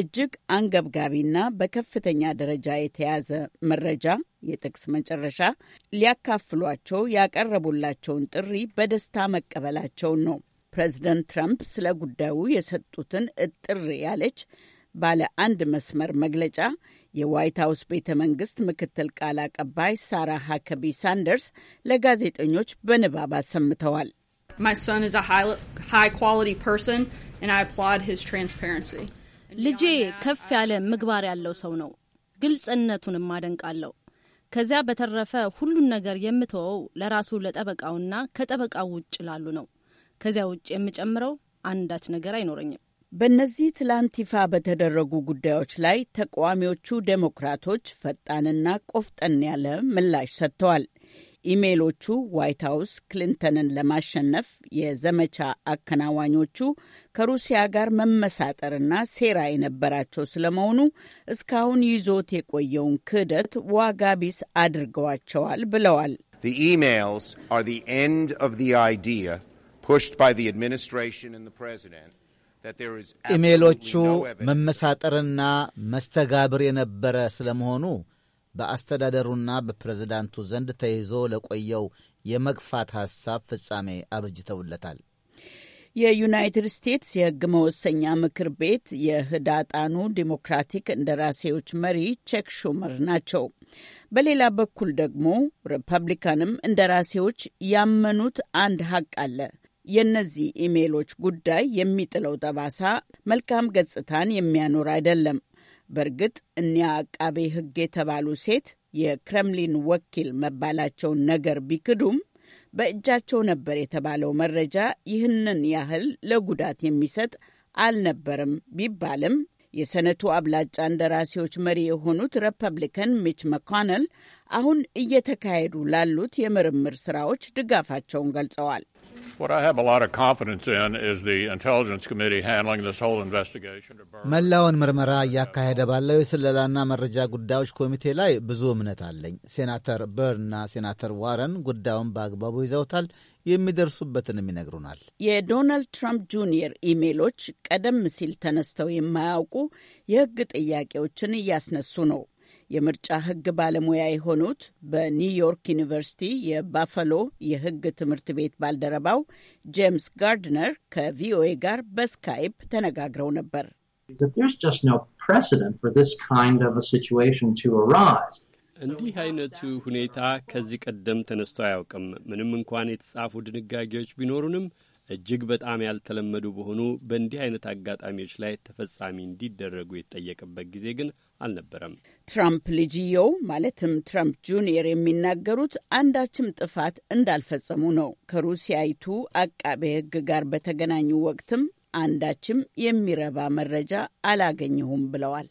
እጅግ አንገብጋቢና በከፍተኛ ደረጃ የተያዘ መረጃ የጥቅስ መጨረሻ ሊያካፍሏቸው ያቀረቡላቸውን ጥሪ በደስታ መቀበላቸውን ነው ፕሬዚደንት ትራምፕ ስለ ጉዳዩ የሰጡትን እጥር ያለች ባለ አንድ መስመር መግለጫ የዋይት ሀውስ ቤተ መንግስት ምክትል ቃል አቀባይ ሳራ ሀከቢ ሳንደርስ ለጋዜጠኞች በንባብ አሰምተዋል። ልጄ ከፍ ያለ ምግባር ያለው ሰው ነው። ግልጽነቱንም አደንቃለሁ። ከዚያ በተረፈ ሁሉን ነገር የምትወው ለራሱ ለጠበቃውና ከጠበቃው ውጭ ላሉ ነው። ከዚያ ውጭ የምጨምረው አንዳች ነገር አይኖረኝም። በእነዚህ ትላንት ይፋ በተደረጉ ጉዳዮች ላይ ተቃዋሚዎቹ ዴሞክራቶች ፈጣንና ቆፍጠን ያለ ምላሽ ሰጥተዋል። ኢሜሎቹ ዋይት ሀውስ ክሊንተንን ለማሸነፍ የዘመቻ አከናዋኞቹ ከሩሲያ ጋር መመሳጠርና ሴራ የነበራቸው ስለመሆኑ እስካሁን ይዞት የቆየውን ክህደት ዋጋ ቢስ አድርገዋቸዋል ብለዋል። The emails are the end of the idea ኢሜሎቹ መመሳጠርና መስተጋብር የነበረ ስለመሆኑ በአስተዳደሩና በፕሬዝዳንቱ ዘንድ ተይዞ ለቆየው የመግፋት ሐሳብ ፍጻሜ አብጅተውለታል። የዩናይትድ ስቴትስ የሕግ መወሰኛ ምክር ቤት የህዳጣኑ ዲሞክራቲክ እንደራሴዎች መሪ ቼክ ሹመር ናቸው። በሌላ በኩል ደግሞ ሪፐብሊካንም እንደራሴዎች ያመኑት አንድ ሀቅ አለ። የእነዚህ ኢሜሎች ጉዳይ የሚጥለው ጠባሳ መልካም ገጽታን የሚያኖር አይደለም። በእርግጥ እኒያ አቃቤ ሕግ የተባሉ ሴት የክሬምሊን ወኪል መባላቸውን ነገር ቢክዱም በእጃቸው ነበር የተባለው መረጃ ይህንን ያህል ለጉዳት የሚሰጥ አልነበርም ቢባልም የሰነቱ አብላጫ እንደራሴዎች መሪ የሆኑት ሪፐብሊካን ሚች መኮነል አሁን እየተካሄዱ ላሉት የምርምር ስራዎች ድጋፋቸውን ገልጸዋል። መላውን ምርመራ እያካሄደ ባለው የስለላና መረጃ ጉዳዮች ኮሚቴ ላይ ብዙ እምነት አለኝ። ሴናተር እና ሴናተር ዋረን ጉዳዩን በአግባቡ ይዘውታል፣ የሚደርሱበትንም ይነግሩናል። የዶናልድ ትራምፕ ጁኒየር ኢሜሎች ቀደም ሲል ተነስተው የማያውቁ የህግ ጥያቄዎችን እያስነሱ ነው። የምርጫ ሕግ ባለሙያ የሆኑት በኒውዮርክ ዩኒቨርሲቲ የባፈሎ የሕግ ትምህርት ቤት ባልደረባው ጄምስ ጋርድነር ከቪኦኤ ጋር በስካይፕ ተነጋግረው ነበር። እንዲህ አይነቱ ሁኔታ ከዚህ ቀደም ተነስቶ አያውቅም። ምንም እንኳን የተጻፉ ድንጋጌዎች ቢኖሩንም እጅግ በጣም ያልተለመዱ በሆኑ በእንዲህ አይነት አጋጣሚዎች ላይ ተፈጻሚ እንዲደረጉ የተጠየቀበት ጊዜ ግን አልነበረም። ትራምፕ ልጅየው ማለትም ትራምፕ ጁኒየር የሚናገሩት አንዳችም ጥፋት እንዳልፈጸሙ ነው። ከሩሲያይቱ አቃቤ ሕግ ጋር በተገናኙ ወቅትም አንዳችም የሚረባ መረጃ አላገኘሁም ብለዋል።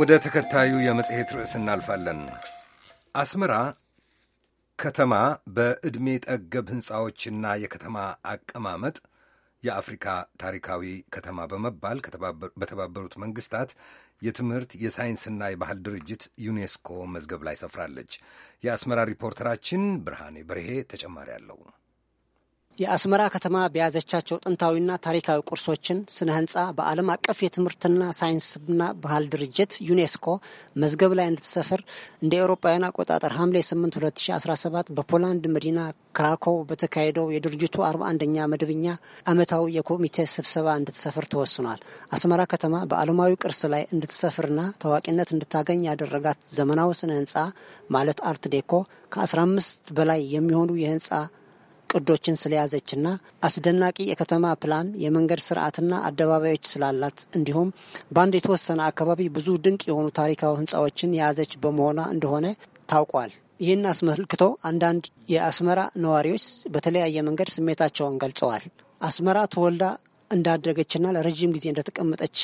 ወደ ተከታዩ የመጽሔት ርዕስ እናልፋለን። አስመራ ከተማ በዕድሜ ጠገብ ሕንፃዎችና የከተማ አቀማመጥ የአፍሪካ ታሪካዊ ከተማ በመባል በተባበሩት መንግስታት የትምህርት የሳይንስና የባህል ድርጅት ዩኔስኮ መዝገብ ላይ ሰፍራለች። የአስመራ ሪፖርተራችን ብርሃኔ በርሄ ተጨማሪ አለው። የአስመራ ከተማ በያዘቻቸው ጥንታዊና ታሪካዊ ቅርሶችን ስነ ህንፃ በዓለም አቀፍ የትምህርትና ሳይንስና ባህል ድርጅት ዩኔስኮ መዝገብ ላይ እንድትሰፍር እንደ ኤውሮፓውያን አቆጣጠር ሐምሌ 8 2017 በፖላንድ መዲና ክራኮ በተካሄደው የድርጅቱ 41ኛ መደበኛ ዓመታዊ የኮሚቴ ስብሰባ እንድትሰፍር ተወስኗል። አስመራ ከተማ በዓለማዊ ቅርስ ላይ እንድትሰፍርና ታዋቂነት እንድታገኝ ያደረጋት ዘመናዊ ስነ ህንፃ ማለት አርት ዴኮ ከ15 በላይ የሚሆኑ የህንፃ ቅዶችን ስለያዘችና አስደናቂ የከተማ ፕላን የመንገድ ስርዓትና አደባባዮች ስላላት እንዲሁም በአንድ የተወሰነ አካባቢ ብዙ ድንቅ የሆኑ ታሪካዊ ህንፃዎችን የያዘች በመሆኗ እንደሆነ ታውቋል። ይህን አስመልክቶ አንዳንድ የአስመራ ነዋሪዎች በተለያየ መንገድ ስሜታቸውን ገልጸዋል። አስመራ ተወልዳ እንዳደገችና ለረዥም ጊዜ እንደተቀመጠች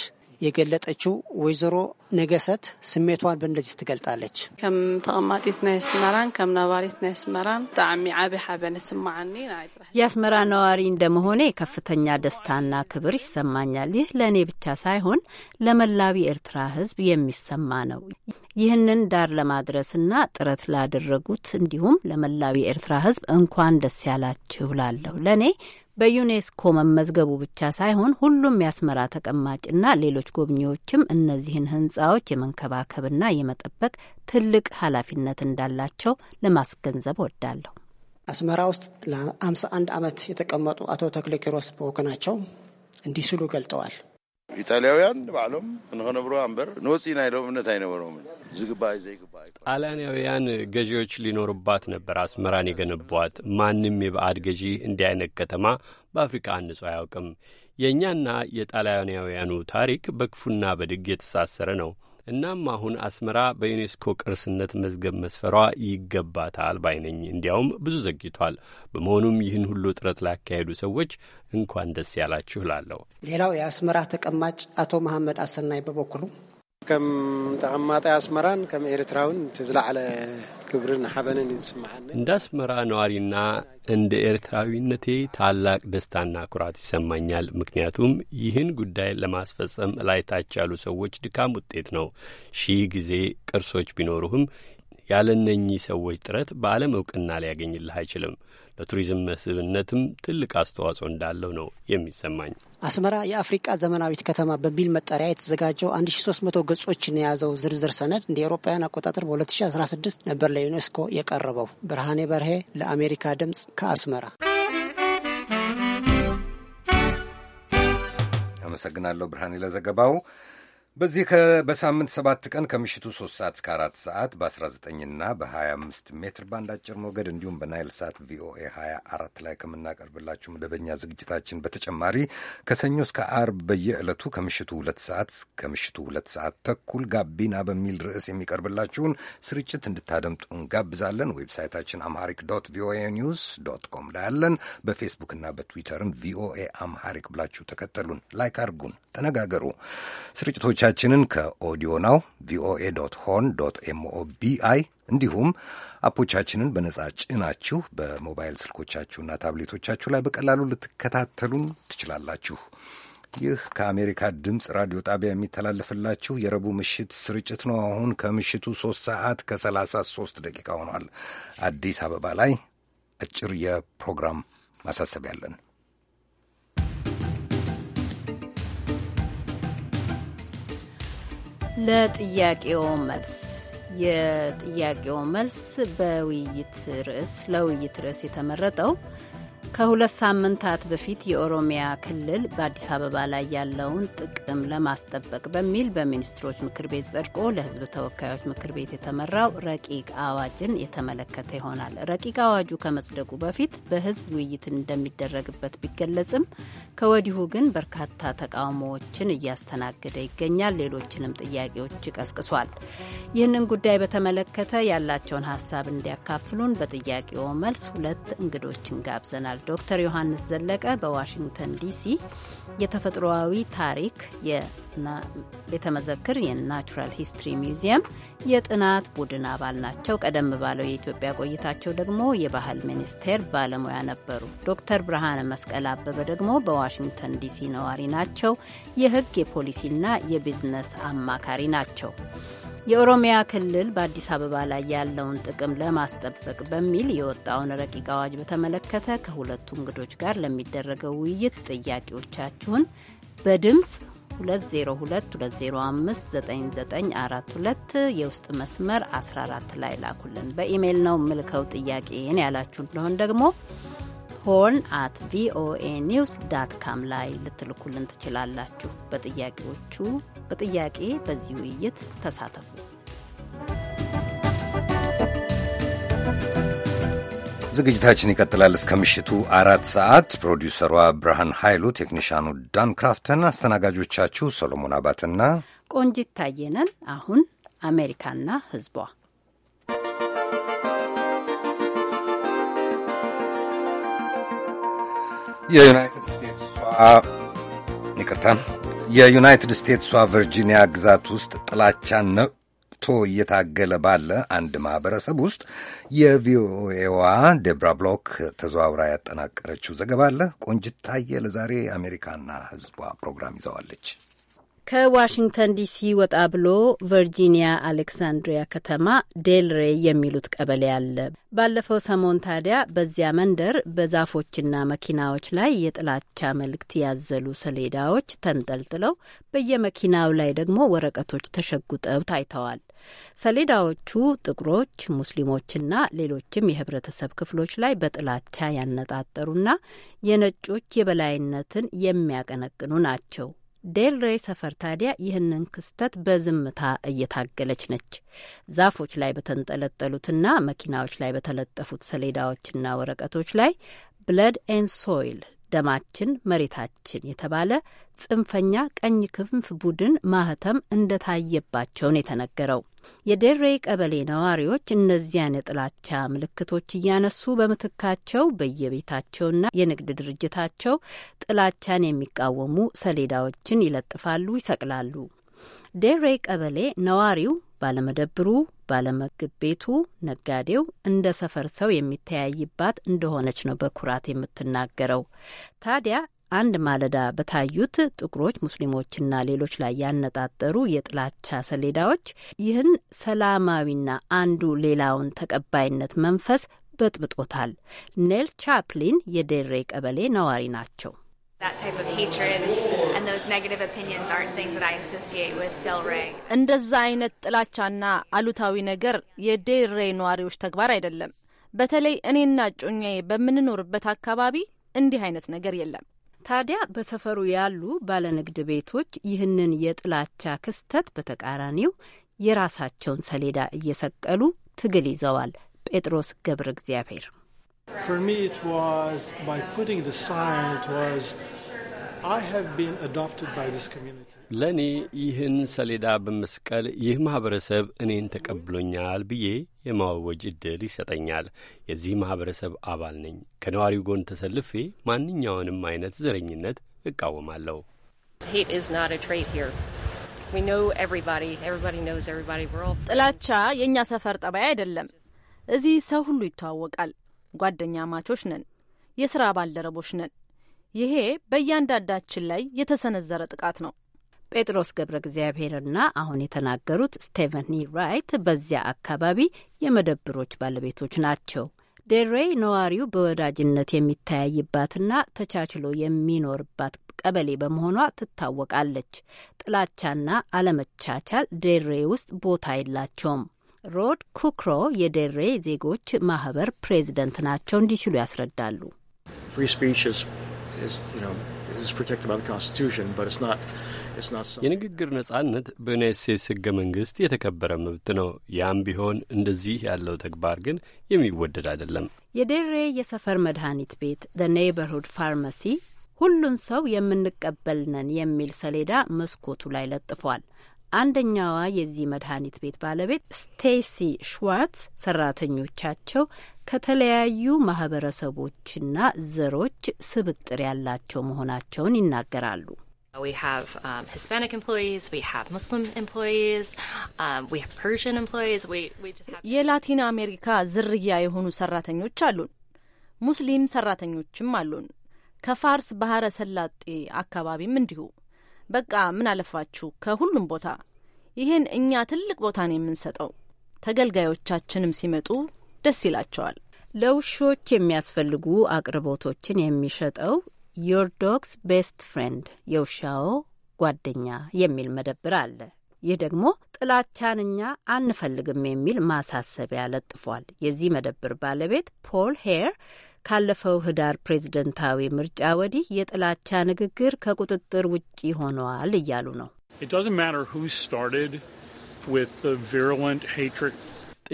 የገለጠችው ወይዘሮ ነገሰት ስሜቷን በእንደዚህ ትገልጣለች። ከም ተቀማጢት ናይ የስመራን ከም ነባሪት ናይ የስመራን ብጣዕሚ ዓብ ሓበን ስማዓኒ የአስመራ ነዋሪ እንደመሆኔ ከፍተኛ ደስታና ክብር ይሰማኛል። ይህ ለእኔ ብቻ ሳይሆን ለመላዊ ኤርትራ ሕዝብ የሚሰማ ነው። ይህንን ዳር ለማድረስና ጥረት ላደረጉት እንዲሁም ለመላዊ ኤርትራ ሕዝብ እንኳን ደስ ያላችሁ ላለሁ ለእኔ በዩኔስኮ መመዝገቡ ብቻ ሳይሆን ሁሉም የአስመራ ተቀማጭና ሌሎች ጎብኚዎችም እነዚህን ህንጻዎች የመንከባከብና የመጠበቅ ትልቅ ኃላፊነት እንዳላቸው ለማስገንዘብ ወዳለሁ። አስመራ ውስጥ ለ51 ዓመት የተቀመጡ አቶ ተክለ ኪሮስ በወገናቸው እንዲህ ሲሉ ገልጠዋል። ኢጣልያውያን በዓሎም ንኸነብሮ እምበር ንወፂና ኢሎም እምነት አይነበሮምን ዝግባእ ዘይግባእ ጣልያናውያን ገዢዎች ሊኖሩባት ነበር አስመራን የገነቧት። ማንም የባዕድ ገዢ እንዲህ አይነት ከተማ በአፍሪካ አንጾ አያውቅም። የእኛና የጣልያናውያኑ ታሪክ በክፉና በድግ የተሳሰረ ነው። እናም አሁን አስመራ በዩኔስኮ ቅርስነት መዝገብ መስፈሯ ይገባታል ባይነኝ። እንዲያውም ብዙ ዘግይቷል። በመሆኑም ይህን ሁሉ ጥረት ላካሄዱ ሰዎች እንኳን ደስ ያላችሁ እላለሁ። ሌላው የአስመራ ተቀማጭ አቶ መሐመድ አሰናይ በበኩሉ ከም ተቐማጣ አስመራን ከም ኤርትራውን እቲ ክብርን ሓበንን ይስማዓኒ እንደ ኣስመራ ነዋሪና እንደ ኤርትራዊነቴ ታላቅ ደስታና ኩራት ይሰማኛል። ምክንያቱም ይህን ጉዳይ ለማስፈጸም ላይታች ያሉ ሰዎች ድካም ውጤት ነው። ሺህ ጊዜ ቅርሶች ቢኖሩህም ያለነኚህ ሰዎች ጥረት በዓለም እውቅና ሊያገኝልህ አይችልም። ለቱሪዝም መስህብነትም ትልቅ አስተዋጽኦ እንዳለው ነው የሚሰማኝ። አስመራ የአፍሪቃ ዘመናዊት ከተማ በሚል መጠሪያ የተዘጋጀው 1300 ገጾችን የያዘው ዝርዝር ሰነድ እንደ ኤሮፓውያን አቆጣጠር በ2016 ነበር ለዩኔስኮ የቀረበው። ብርሃኔ በርሄ ለአሜሪካ ድምፅ ከአስመራ አመሰግናለሁ። ብርሃኔ ለዘገባው። በዚህ በሳምንት ሰባት ቀን ከምሽቱ ሶስት ሰዓት እስከ 4 ሰዓት በ19ና በ25 ሜትር ባንድ አጭር ሞገድ እንዲሁም በናይል ሳት ቪኦኤ 24 ላይ ከምናቀርብላችሁ መደበኛ ዝግጅታችን በተጨማሪ ከሰኞ እስከ አርብ በየዕለቱ ከምሽቱ ሁለት ሰዓት ከምሽቱ ሁለት ሰዓት ተኩል ጋቢና በሚል ርዕስ የሚቀርብላችሁን ስርጭት እንድታደምጡ እንጋብዛለን። ዌብሳይታችን አምሃሪክ ዶት ቪኦኤ ኒውስ ዶት ኮም ላይ አለን። በፌስቡክና በትዊተርም ቪኦኤ አምሃሪክ ብላችሁ ተከተሉን፣ ላይክ አድርጉን፣ ተነጋገሩ። ስርጭቶች ዝግጅቶቻችንን ከኦዲዮ ናው ቪኦኤ ዶት ሆን ዶት ኤምኦቢአይ እንዲሁም አፖቻችንን በነጻ ጭናችሁ በሞባይል ስልኮቻችሁና ታብሌቶቻችሁ ላይ በቀላሉ ልትከታተሉን ትችላላችሁ። ይህ ከአሜሪካ ድምፅ ራዲዮ ጣቢያ የሚተላለፍላችሁ የረቡዕ ምሽት ስርጭት ነው። አሁን ከምሽቱ ሶስት ሰዓት ከሰላሳ ሶስት ደቂቃ ሆኗል። አዲስ አበባ ላይ አጭር የፕሮግራም ማሳሰቢያ አለን። ለጥያቄው መልስ የጥያቄው መልስ በውይይት ርዕስ ለውይይት ርዕስ የተመረጠው ከሁለት ሳምንታት በፊት የኦሮሚያ ክልል በአዲስ አበባ ላይ ያለውን ጥቅም ለማስጠበቅ በሚል በሚኒስትሮች ምክር ቤት ጸድቆ ለሕዝብ ተወካዮች ምክር ቤት የተመራው ረቂቅ አዋጅን የተመለከተ ይሆናል። ረቂቅ አዋጁ ከመጽደቁ በፊት በሕዝብ ውይይት እንደሚደረግበት ቢገለጽም ከወዲሁ ግን በርካታ ተቃውሞዎችን እያስተናገደ ይገኛል። ሌሎችንም ጥያቄዎች ቀስቅሷል። ይህንን ጉዳይ በተመለከተ ያላቸውን ሀሳብ እንዲያካፍሉን በጥያቄው መልስ ሁለት እንግዶችን ጋብዘናል። ዶክተር ዮሐንስ ዘለቀ በዋሽንግተን ዲሲ የተፈጥሮዊ ታሪክ ቤተመዘክር የናቹራል ሂስትሪ ሚውዚየም የጥናት ቡድን አባል ናቸው። ቀደም ባለው የኢትዮጵያ ቆይታቸው ደግሞ የባህል ሚኒስቴር ባለሙያ ነበሩ። ዶክተር ብርሃነ መስቀል አበበ ደግሞ በዋሽንግተን ዲሲ ነዋሪ ናቸው። የህግ የፖሊሲና የቢዝነስ አማካሪ ናቸው። የኦሮሚያ ክልል በአዲስ አበባ ላይ ያለውን ጥቅም ለማስጠበቅ በሚል የወጣውን ረቂቅ አዋጅ በተመለከተ ከሁለቱ እንግዶች ጋር ለሚደረገው ውይይት ጥያቄዎቻችሁን በድምፅ 2022059942 የውስጥ መስመር 14 ላይ ላኩልን። በኢሜይል ነው ምልከው ጥያቄን ያላችሁ እንደሆን ደግሞ ሆርን አት ቪኦኤ ኒውስ ዳት ካም ላይ ልትልኩልን ትችላላችሁ። በጥያቄዎቹ በጥያቄ በዚህ ውይይት ተሳተፉ። ዝግጅታችን ይቀጥላል እስከ ምሽቱ አራት ሰዓት። ፕሮዲውሰሯ ብርሃን ኃይሉ፣ ቴክኒሻኑ ዳን ክራፍተን፣ አስተናጋጆቻችሁ ሰሎሞን አባትና ቆንጂት ታየነን። አሁን አሜሪካና ሕዝቧ የዩናይትድ ስቴትስ ይቅርታ የዩናይትድ ስቴትሷ ቨርጂኒያ ግዛት ውስጥ ጥላቻ ነቅቶ እየታገለ ባለ አንድ ማህበረሰብ ውስጥ የቪኦኤዋ ዴብራ ብሎክ ተዘዋውራ ያጠናቀረችው ዘገባ አለ። ቆንጅታየ ለዛሬ የአሜሪካና ሕዝቧ ፕሮግራም ይዘዋለች። ከዋሽንግተን ዲሲ ወጣ ብሎ ቨርጂኒያ አሌክሳንድሪያ ከተማ ዴልሬ የሚሉት ቀበሌ አለ። ባለፈው ሰሞን ታዲያ በዚያ መንደር በዛፎችና መኪናዎች ላይ የጥላቻ መልእክት ያዘሉ ሰሌዳዎች ተንጠልጥለው በየመኪናው ላይ ደግሞ ወረቀቶች ተሸጉጠው ታይተዋል። ሰሌዳዎቹ ጥቁሮች፣ ሙስሊሞችና ሌሎችም የህብረተሰብ ክፍሎች ላይ በጥላቻ ያነጣጠሩና የነጮች የበላይነትን የሚያቀነቅኑ ናቸው። ዴልሬ ሰፈር ታዲያ ይህንን ክስተት በዝምታ እየታገለች ነች። ዛፎች ላይ በተንጠለጠሉትና መኪናዎች ላይ በተለጠፉት ሰሌዳዎችና ወረቀቶች ላይ ብለድ ኤን ሶይል ደማችን መሬታችን የተባለ ጽንፈኛ ቀኝ ክንፍ ቡድን ማህተም እንደታየባቸውን የተነገረው የደሬ ቀበሌ ነዋሪዎች እነዚያን የጥላቻ ምልክቶች እያነሱ በምትካቸው በየቤታቸውና የንግድ ድርጅታቸው ጥላቻን የሚቃወሙ ሰሌዳዎችን ይለጥፋሉ፣ ይሰቅላሉ። ደሬ ቀበሌ ነዋሪው ባለመደብሩ፣ ባለምግብ ቤቱ፣ ነጋዴው እንደ ሰፈር ሰው የሚተያይባት እንደሆነች ነው በኩራት የምትናገረው። ታዲያ አንድ ማለዳ በታዩት ጥቁሮች፣ ሙስሊሞችና ሌሎች ላይ ያነጣጠሩ የጥላቻ ሰሌዳዎች ይህን ሰላማዊና አንዱ ሌላውን ተቀባይነት መንፈስ በጥብጦታል። ኔል ቻፕሊን የዴሬ ቀበሌ ነዋሪ ናቸው። እንደዛ አይነት ጥላቻና አሉታዊ ነገር የዴል ነዋሪዎች ተግባር አይደለም። በተለይ እኔና ጮኛዬ በምንኖርበት አካባቢ እንዲህ አይነት ነገር የለም። ታዲያ በሰፈሩ ያሉ ባለንግድ ቤቶች ይህንን የጥላቻ ክስተት በተቃራኒው የራሳቸውን ሰሌዳ እየሰቀሉ ትግል ይዘዋል። ጴጥሮስ ገብረ እግዚአብሔር For me, it was by putting the sign, it was I have been adopted by this community. ለእኔ ይህን ሰሌዳ በመስቀል ይህ ማኅበረሰብ እኔን ተቀብሎኛል ብዬ የማወጅ ዕድል ይሰጠኛል። የዚህ ማኅበረሰብ አባል ነኝ። ከነዋሪው ጎን ተሰልፌ ማንኛውንም አይነት ዘረኝነት እቃወማለሁ። ጥላቻ የእኛ ሰፈር ጠባይ አይደለም። እዚህ ሰው ሁሉ ይተዋወቃል። ጓደኛ ማቾች ነን፣ የስራ ባልደረቦች ነን። ይሄ በእያንዳንዳችን ላይ የተሰነዘረ ጥቃት ነው። ጴጥሮስ ገብረ እግዚአብሔርና አሁን የተናገሩት ስቴቨኒ ራይት በዚያ አካባቢ የመደብሮች ባለቤቶች ናቸው። ደሬይ ነዋሪው በወዳጅነት የሚተያይባትና ተቻችሎ የሚኖርባት ቀበሌ በመሆኗ ትታወቃለች። ጥላቻና አለመቻቻል ደሬ ውስጥ ቦታ የላቸውም። ሮድ ኩክሮ የደሬ ዜጎች ማህበር ፕሬዚደንት ናቸው። እንዲህ ሲሉ ያስረዳሉ። የንግግር ነጻነት በዩናይት ስቴትስ ህገ መንግስት የተከበረ መብት ነው። ያም ቢሆን እንደዚህ ያለው ተግባር ግን የሚወደድ አይደለም። የደሬ የሰፈር መድኃኒት ቤት ዘ ኔይበርሁድ ፋርማሲ ሁሉን ሰው የምንቀበልነን የሚል ሰሌዳ መስኮቱ ላይ ለጥፏል። አንደኛዋ የዚህ መድኃኒት ቤት ባለቤት ስቴሲ ሽዋርትስ ሰራተኞቻቸው ከተለያዩ ማህበረሰቦችና ዘሮች ስብጥር ያላቸው መሆናቸውን ይናገራሉ። We have um, Hispanic employees, we have Muslim employees, um, we have Persian employees. We, we just have የላቲን አሜሪካ ዝርያ የሆኑ ሰራተኞች አሉን። ሙስሊም ሰራተኞችም አሉን። ከፋርስ ባህረ ሰላጤ አካባቢም እንዲሁ በቃ ምን አለፋችሁ ከሁሉም ቦታ ይህን እኛ ትልቅ ቦታ ነው የምንሰጠው። ተገልጋዮቻችንም ሲመጡ ደስ ይላቸዋል። ለውሾች የሚያስፈልጉ አቅርቦቶችን የሚሸጠው ዮር ዶግስ ቤስት ፍሬንድ የውሻው ጓደኛ የሚል መደብር አለ። ይህ ደግሞ ጥላቻንኛ አንፈልግም የሚል ማሳሰቢያ ለጥፏል። የዚህ መደብር ባለቤት ፖል ሄር ካለፈው ህዳር ፕሬዝደንታዊ ምርጫ ወዲህ የጥላቻ ንግግር ከቁጥጥር ውጪ ሆነዋል እያሉ ነው።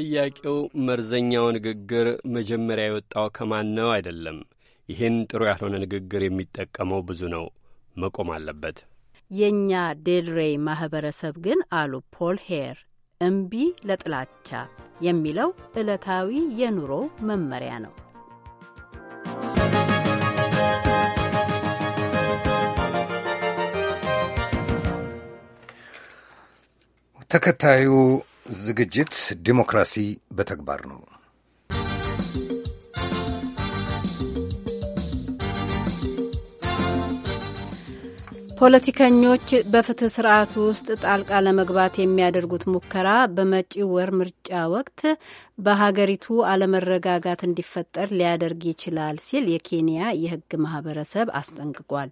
ጥያቄው መርዘኛው ንግግር መጀመሪያ የወጣው ከማን ነው አይደለም። ይህን ጥሩ ያልሆነ ንግግር የሚጠቀመው ብዙ ነው፣ መቆም አለበት። የእኛ ዴልሬይ ማህበረሰብ ግን አሉ ፖል ሄር እምቢ ለጥላቻ የሚለው ዕለታዊ የኑሮ መመሪያ ነው። ተከታዩ ዝግጅት ዲሞክራሲ በተግባር ነው። ፖለቲከኞች በፍትህ ስርዓቱ ውስጥ ጣልቃ ለመግባት የሚያደርጉት ሙከራ በመጪው ወር ምርጫ ወቅት በሀገሪቱ አለመረጋጋት እንዲፈጠር ሊያደርግ ይችላል ሲል የኬንያ የሕግ ማህበረሰብ አስጠንቅቋል።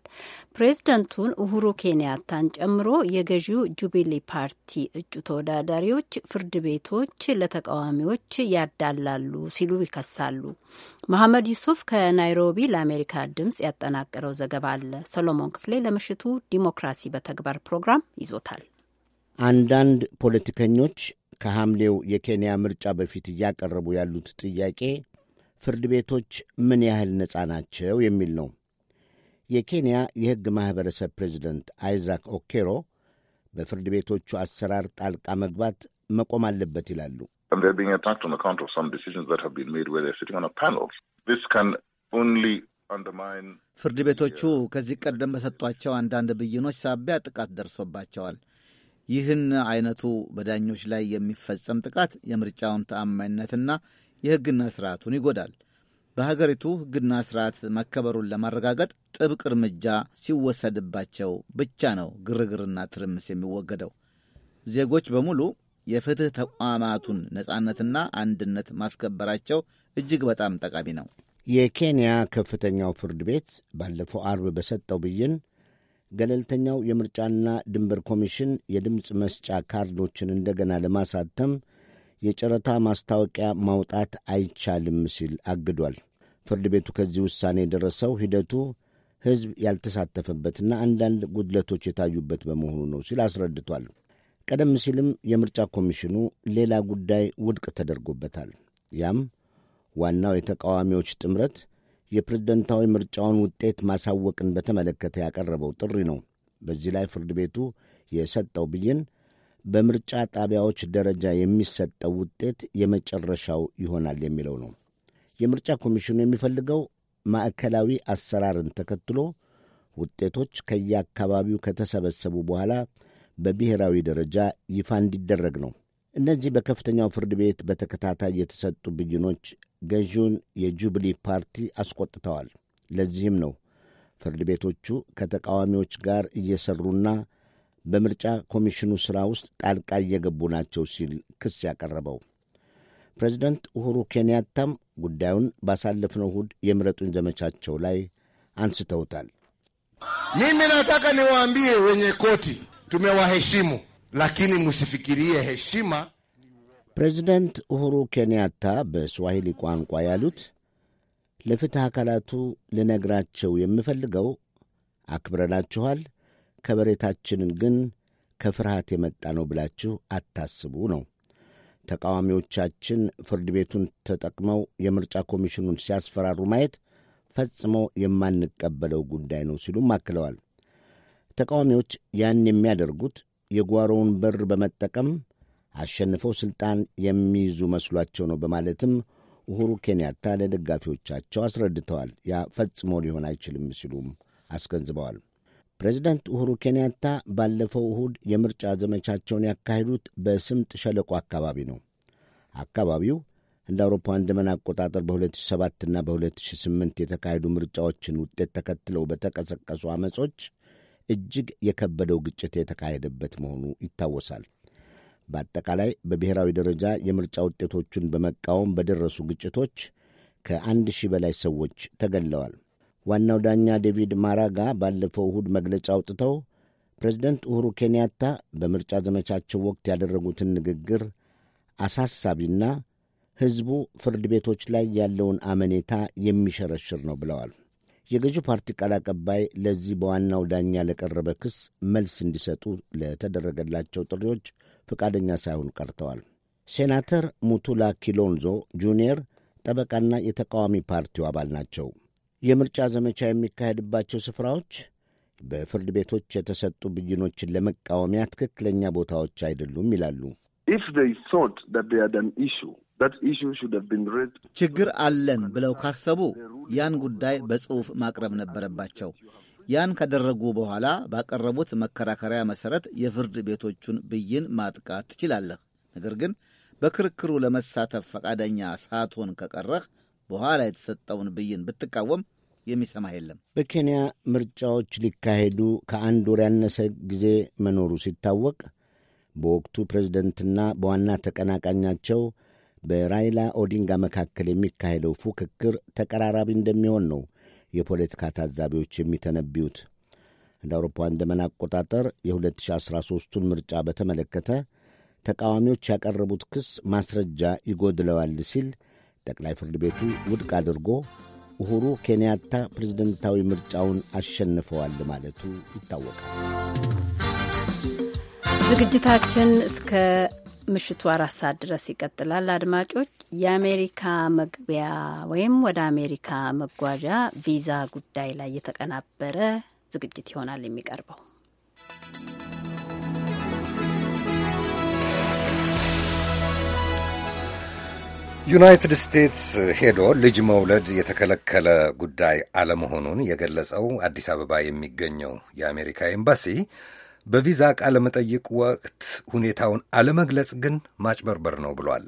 ፕሬዝደንቱን ኡሁሩ ኬንያታን ጨምሮ የገዢው ጁቢሊ ፓርቲ እጩ ተወዳዳሪዎች ፍርድ ቤቶች ለተቃዋሚዎች ያዳላሉ ሲሉ ይከሳሉ። መሐመድ ዩሱፍ ከናይሮቢ ለአሜሪካ ድምጽ ያጠናቀረው ዘገባ አለ። ሰሎሞን ክፍሌ ለምሽቱ ዲሞክራሲ በተግባር ፕሮግራም ይዞታል። አንዳንድ ፖለቲከኞች ከሐምሌው የኬንያ ምርጫ በፊት እያቀረቡ ያሉት ጥያቄ ፍርድ ቤቶች ምን ያህል ነጻ ናቸው የሚል ነው። የኬንያ የሕግ ማኅበረሰብ ፕሬዚደንት አይዛክ ኦኬሮ በፍርድ ቤቶቹ አሰራር ጣልቃ መግባት መቆም አለበት ይላሉ። ፍርድ ቤቶቹ ከዚህ ቀደም በሰጧቸው አንዳንድ ብይኖች ሳቢያ ጥቃት ደርሶባቸዋል። ይህን አይነቱ በዳኞች ላይ የሚፈጸም ጥቃት የምርጫውን ተአማኝነትና የሕግና ስርዓቱን ይጎዳል። በሀገሪቱ ሕግና ስርዓት መከበሩን ለማረጋገጥ ጥብቅ እርምጃ ሲወሰድባቸው ብቻ ነው ግርግርና ትርምስ የሚወገደው። ዜጎች በሙሉ የፍትህ ተቋማቱን ነጻነትና አንድነት ማስከበራቸው እጅግ በጣም ጠቃሚ ነው። የኬንያ ከፍተኛው ፍርድ ቤት ባለፈው አርብ በሰጠው ብይን ገለልተኛው የምርጫና ድንበር ኮሚሽን የድምፅ መስጫ ካርዶችን እንደገና ለማሳተም የጨረታ ማስታወቂያ ማውጣት አይቻልም ሲል አግዷል። ፍርድ ቤቱ ከዚህ ውሳኔ የደረሰው ሂደቱ ሕዝብ ያልተሳተፈበትና አንዳንድ ጉድለቶች የታዩበት በመሆኑ ነው ሲል አስረድቷል። ቀደም ሲልም የምርጫ ኮሚሽኑ ሌላ ጉዳይ ውድቅ ተደርጎበታል። ያም ዋናው የተቃዋሚዎች ጥምረት የፕሬዝደንታዊ ምርጫውን ውጤት ማሳወቅን በተመለከተ ያቀረበው ጥሪ ነው። በዚህ ላይ ፍርድ ቤቱ የሰጠው ብይን በምርጫ ጣቢያዎች ደረጃ የሚሰጠው ውጤት የመጨረሻው ይሆናል የሚለው ነው። የምርጫ ኮሚሽኑ የሚፈልገው ማዕከላዊ አሰራርን ተከትሎ ውጤቶች ከየአካባቢው ከተሰበሰቡ በኋላ በብሔራዊ ደረጃ ይፋ እንዲደረግ ነው። እነዚህ በከፍተኛው ፍርድ ቤት በተከታታይ የተሰጡ ብይኖች ገዢውን የጁብሊ ፓርቲ አስቆጥተዋል። ለዚህም ነው ፍርድ ቤቶቹ ከተቃዋሚዎች ጋር እየሰሩና በምርጫ ኮሚሽኑ ሥራ ውስጥ ጣልቃ እየገቡ ናቸው ሲል ክስ ያቀረበው። ፕሬዚደንት ኡሁሩ ኬንያታም ጉዳዩን ባሳለፍነው እሁድ የምረጡኝ ዘመቻቸው ላይ አንስተውታል። ሚሚ ናታካ ወኝ ኮቲ ቱሜዋ tumewaheshimu lakini ሙስፊኪሪየ heshima ፕሬዚደንት ኡሁሩ ኬንያታ በስዋሂሊ ቋንቋ ያሉት ለፍትሕ አካላቱ ልነግራቸው የምፈልገው አክብረናችኋል፣ ከበሬታችንን ግን ከፍርሃት የመጣ ነው ብላችሁ አታስቡ ነው። ተቃዋሚዎቻችን ፍርድ ቤቱን ተጠቅመው የምርጫ ኮሚሽኑን ሲያስፈራሩ ማየት ፈጽሞ የማንቀበለው ጉዳይ ነው ሲሉም አክለዋል። ተቃዋሚዎች ያን የሚያደርጉት የጓሮውን በር በመጠቀም አሸንፈው ሥልጣን የሚይዙ መስሏቸው ነው በማለትም ኡሁሩ ኬንያታ ለደጋፊዎቻቸው አስረድተዋል። ያ ፈጽሞ ሊሆን አይችልም ሲሉም አስገንዝበዋል። ፕሬዚዳንት ኡሁሩ ኬንያታ ባለፈው እሁድ የምርጫ ዘመቻቸውን ያካሄዱት በስምጥ ሸለቆ አካባቢ ነው። አካባቢው እንደ አውሮፓውያን ዘመን አቆጣጠር በ2007 ና በ2008 የተካሄዱ ምርጫዎችን ውጤት ተከትለው በተቀሰቀሱ አመጾች እጅግ የከበደው ግጭት የተካሄደበት መሆኑ ይታወሳል። በአጠቃላይ በብሔራዊ ደረጃ የምርጫ ውጤቶቹን በመቃወም በደረሱ ግጭቶች ከአንድ ሺህ በላይ ሰዎች ተገለዋል። ዋናው ዳኛ ዴቪድ ማራጋ ባለፈው እሁድ መግለጫ አውጥተው ፕሬዚደንት ኡሁሩ ኬንያታ በምርጫ ዘመቻቸው ወቅት ያደረጉትን ንግግር አሳሳቢና ሕዝቡ ፍርድ ቤቶች ላይ ያለውን አመኔታ የሚሸረሽር ነው ብለዋል። የገዢው ፓርቲ ቃል አቀባይ ለዚህ በዋናው ዳኛ ለቀረበ ክስ መልስ እንዲሰጡ ለተደረገላቸው ጥሪዎች ፈቃደኛ ሳይሆኑ ቀርተዋል። ሴናተር ሙቱላ ኪሎንዞ ጁኒየር ጠበቃና የተቃዋሚ ፓርቲው አባል ናቸው። የምርጫ ዘመቻ የሚካሄድባቸው ስፍራዎች በፍርድ ቤቶች የተሰጡ ብይኖችን ለመቃወሚያ ትክክለኛ ቦታዎች አይደሉም ይላሉ። ችግር አለን ብለው ካሰቡ ያን ጉዳይ በጽሑፍ ማቅረብ ነበረባቸው። ያን ከደረጉ በኋላ ባቀረቡት መከራከሪያ መሠረት የፍርድ ቤቶቹን ብይን ማጥቃት ትችላለህ። ነገር ግን በክርክሩ ለመሳተፍ ፈቃደኛ ሳትሆን ከቀረህ በኋላ የተሰጠውን ብይን ብትቃወም የሚሰማ የለም። በኬንያ ምርጫዎች ሊካሄዱ ከአንድ ወር ያነሰ ጊዜ መኖሩ ሲታወቅ በወቅቱ ፕሬዝደንትና በዋና ተቀናቃኛቸው በራይላ ኦዲንጋ መካከል የሚካሄደው ፉክክር ተቀራራቢ እንደሚሆን ነው የፖለቲካ ታዛቢዎች የሚተነብዩት። እንደ አውሮፓውያን ዘመን አቆጣጠር የ2013ቱን ምርጫ በተመለከተ ተቃዋሚዎች ያቀረቡት ክስ ማስረጃ ይጎድለዋል ሲል ጠቅላይ ፍርድ ቤቱ ውድቅ አድርጎ ኡሁሩ ኬንያታ ፕሬዝደንታዊ ምርጫውን አሸንፈዋል ማለቱ ይታወቃል። ዝግጅታችን እስከ ምሽቱ አራት ሰዓት ድረስ ይቀጥላል። አድማጮች የአሜሪካ መግቢያ ወይም ወደ አሜሪካ መጓዣ ቪዛ ጉዳይ ላይ የተቀናበረ ዝግጅት ይሆናል የሚቀርበው። ዩናይትድ ስቴትስ ሄዶ ልጅ መውለድ የተከለከለ ጉዳይ አለመሆኑን የገለጸው አዲስ አበባ የሚገኘው የአሜሪካ ኤምባሲ በቪዛ ቃለ መጠይቅ ወቅት ሁኔታውን አለመግለጽ ግን ማጭበርበር ነው ብሏል።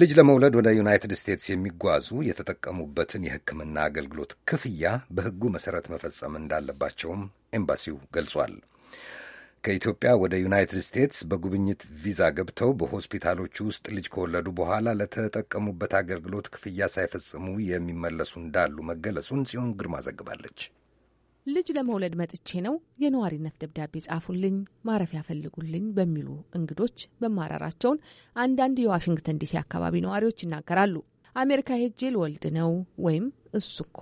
ልጅ ለመውለድ ወደ ዩናይትድ ስቴትስ የሚጓዙ የተጠቀሙበትን የሕክምና አገልግሎት ክፍያ በሕጉ መሠረት መፈጸም እንዳለባቸውም ኤምባሲው ገልጿል። ከኢትዮጵያ ወደ ዩናይትድ ስቴትስ በጉብኝት ቪዛ ገብተው በሆስፒታሎቹ ውስጥ ልጅ ከወለዱ በኋላ ለተጠቀሙበት አገልግሎት ክፍያ ሳይፈጽሙ የሚመለሱ እንዳሉ መገለጹን ጽዮን ግርማ ዘግባለች። ልጅ ለመውለድ መጥቼ ነው የነዋሪነት ደብዳቤ ጻፉልኝ፣ ማረፊያ ፈልጉልኝ በሚሉ እንግዶች መማረራቸውን አንዳንድ የዋሽንግተን ዲሲ አካባቢ ነዋሪዎች ይናገራሉ። አሜሪካ ሄጄ ልወልድ ነው ወይም እሱ እኮ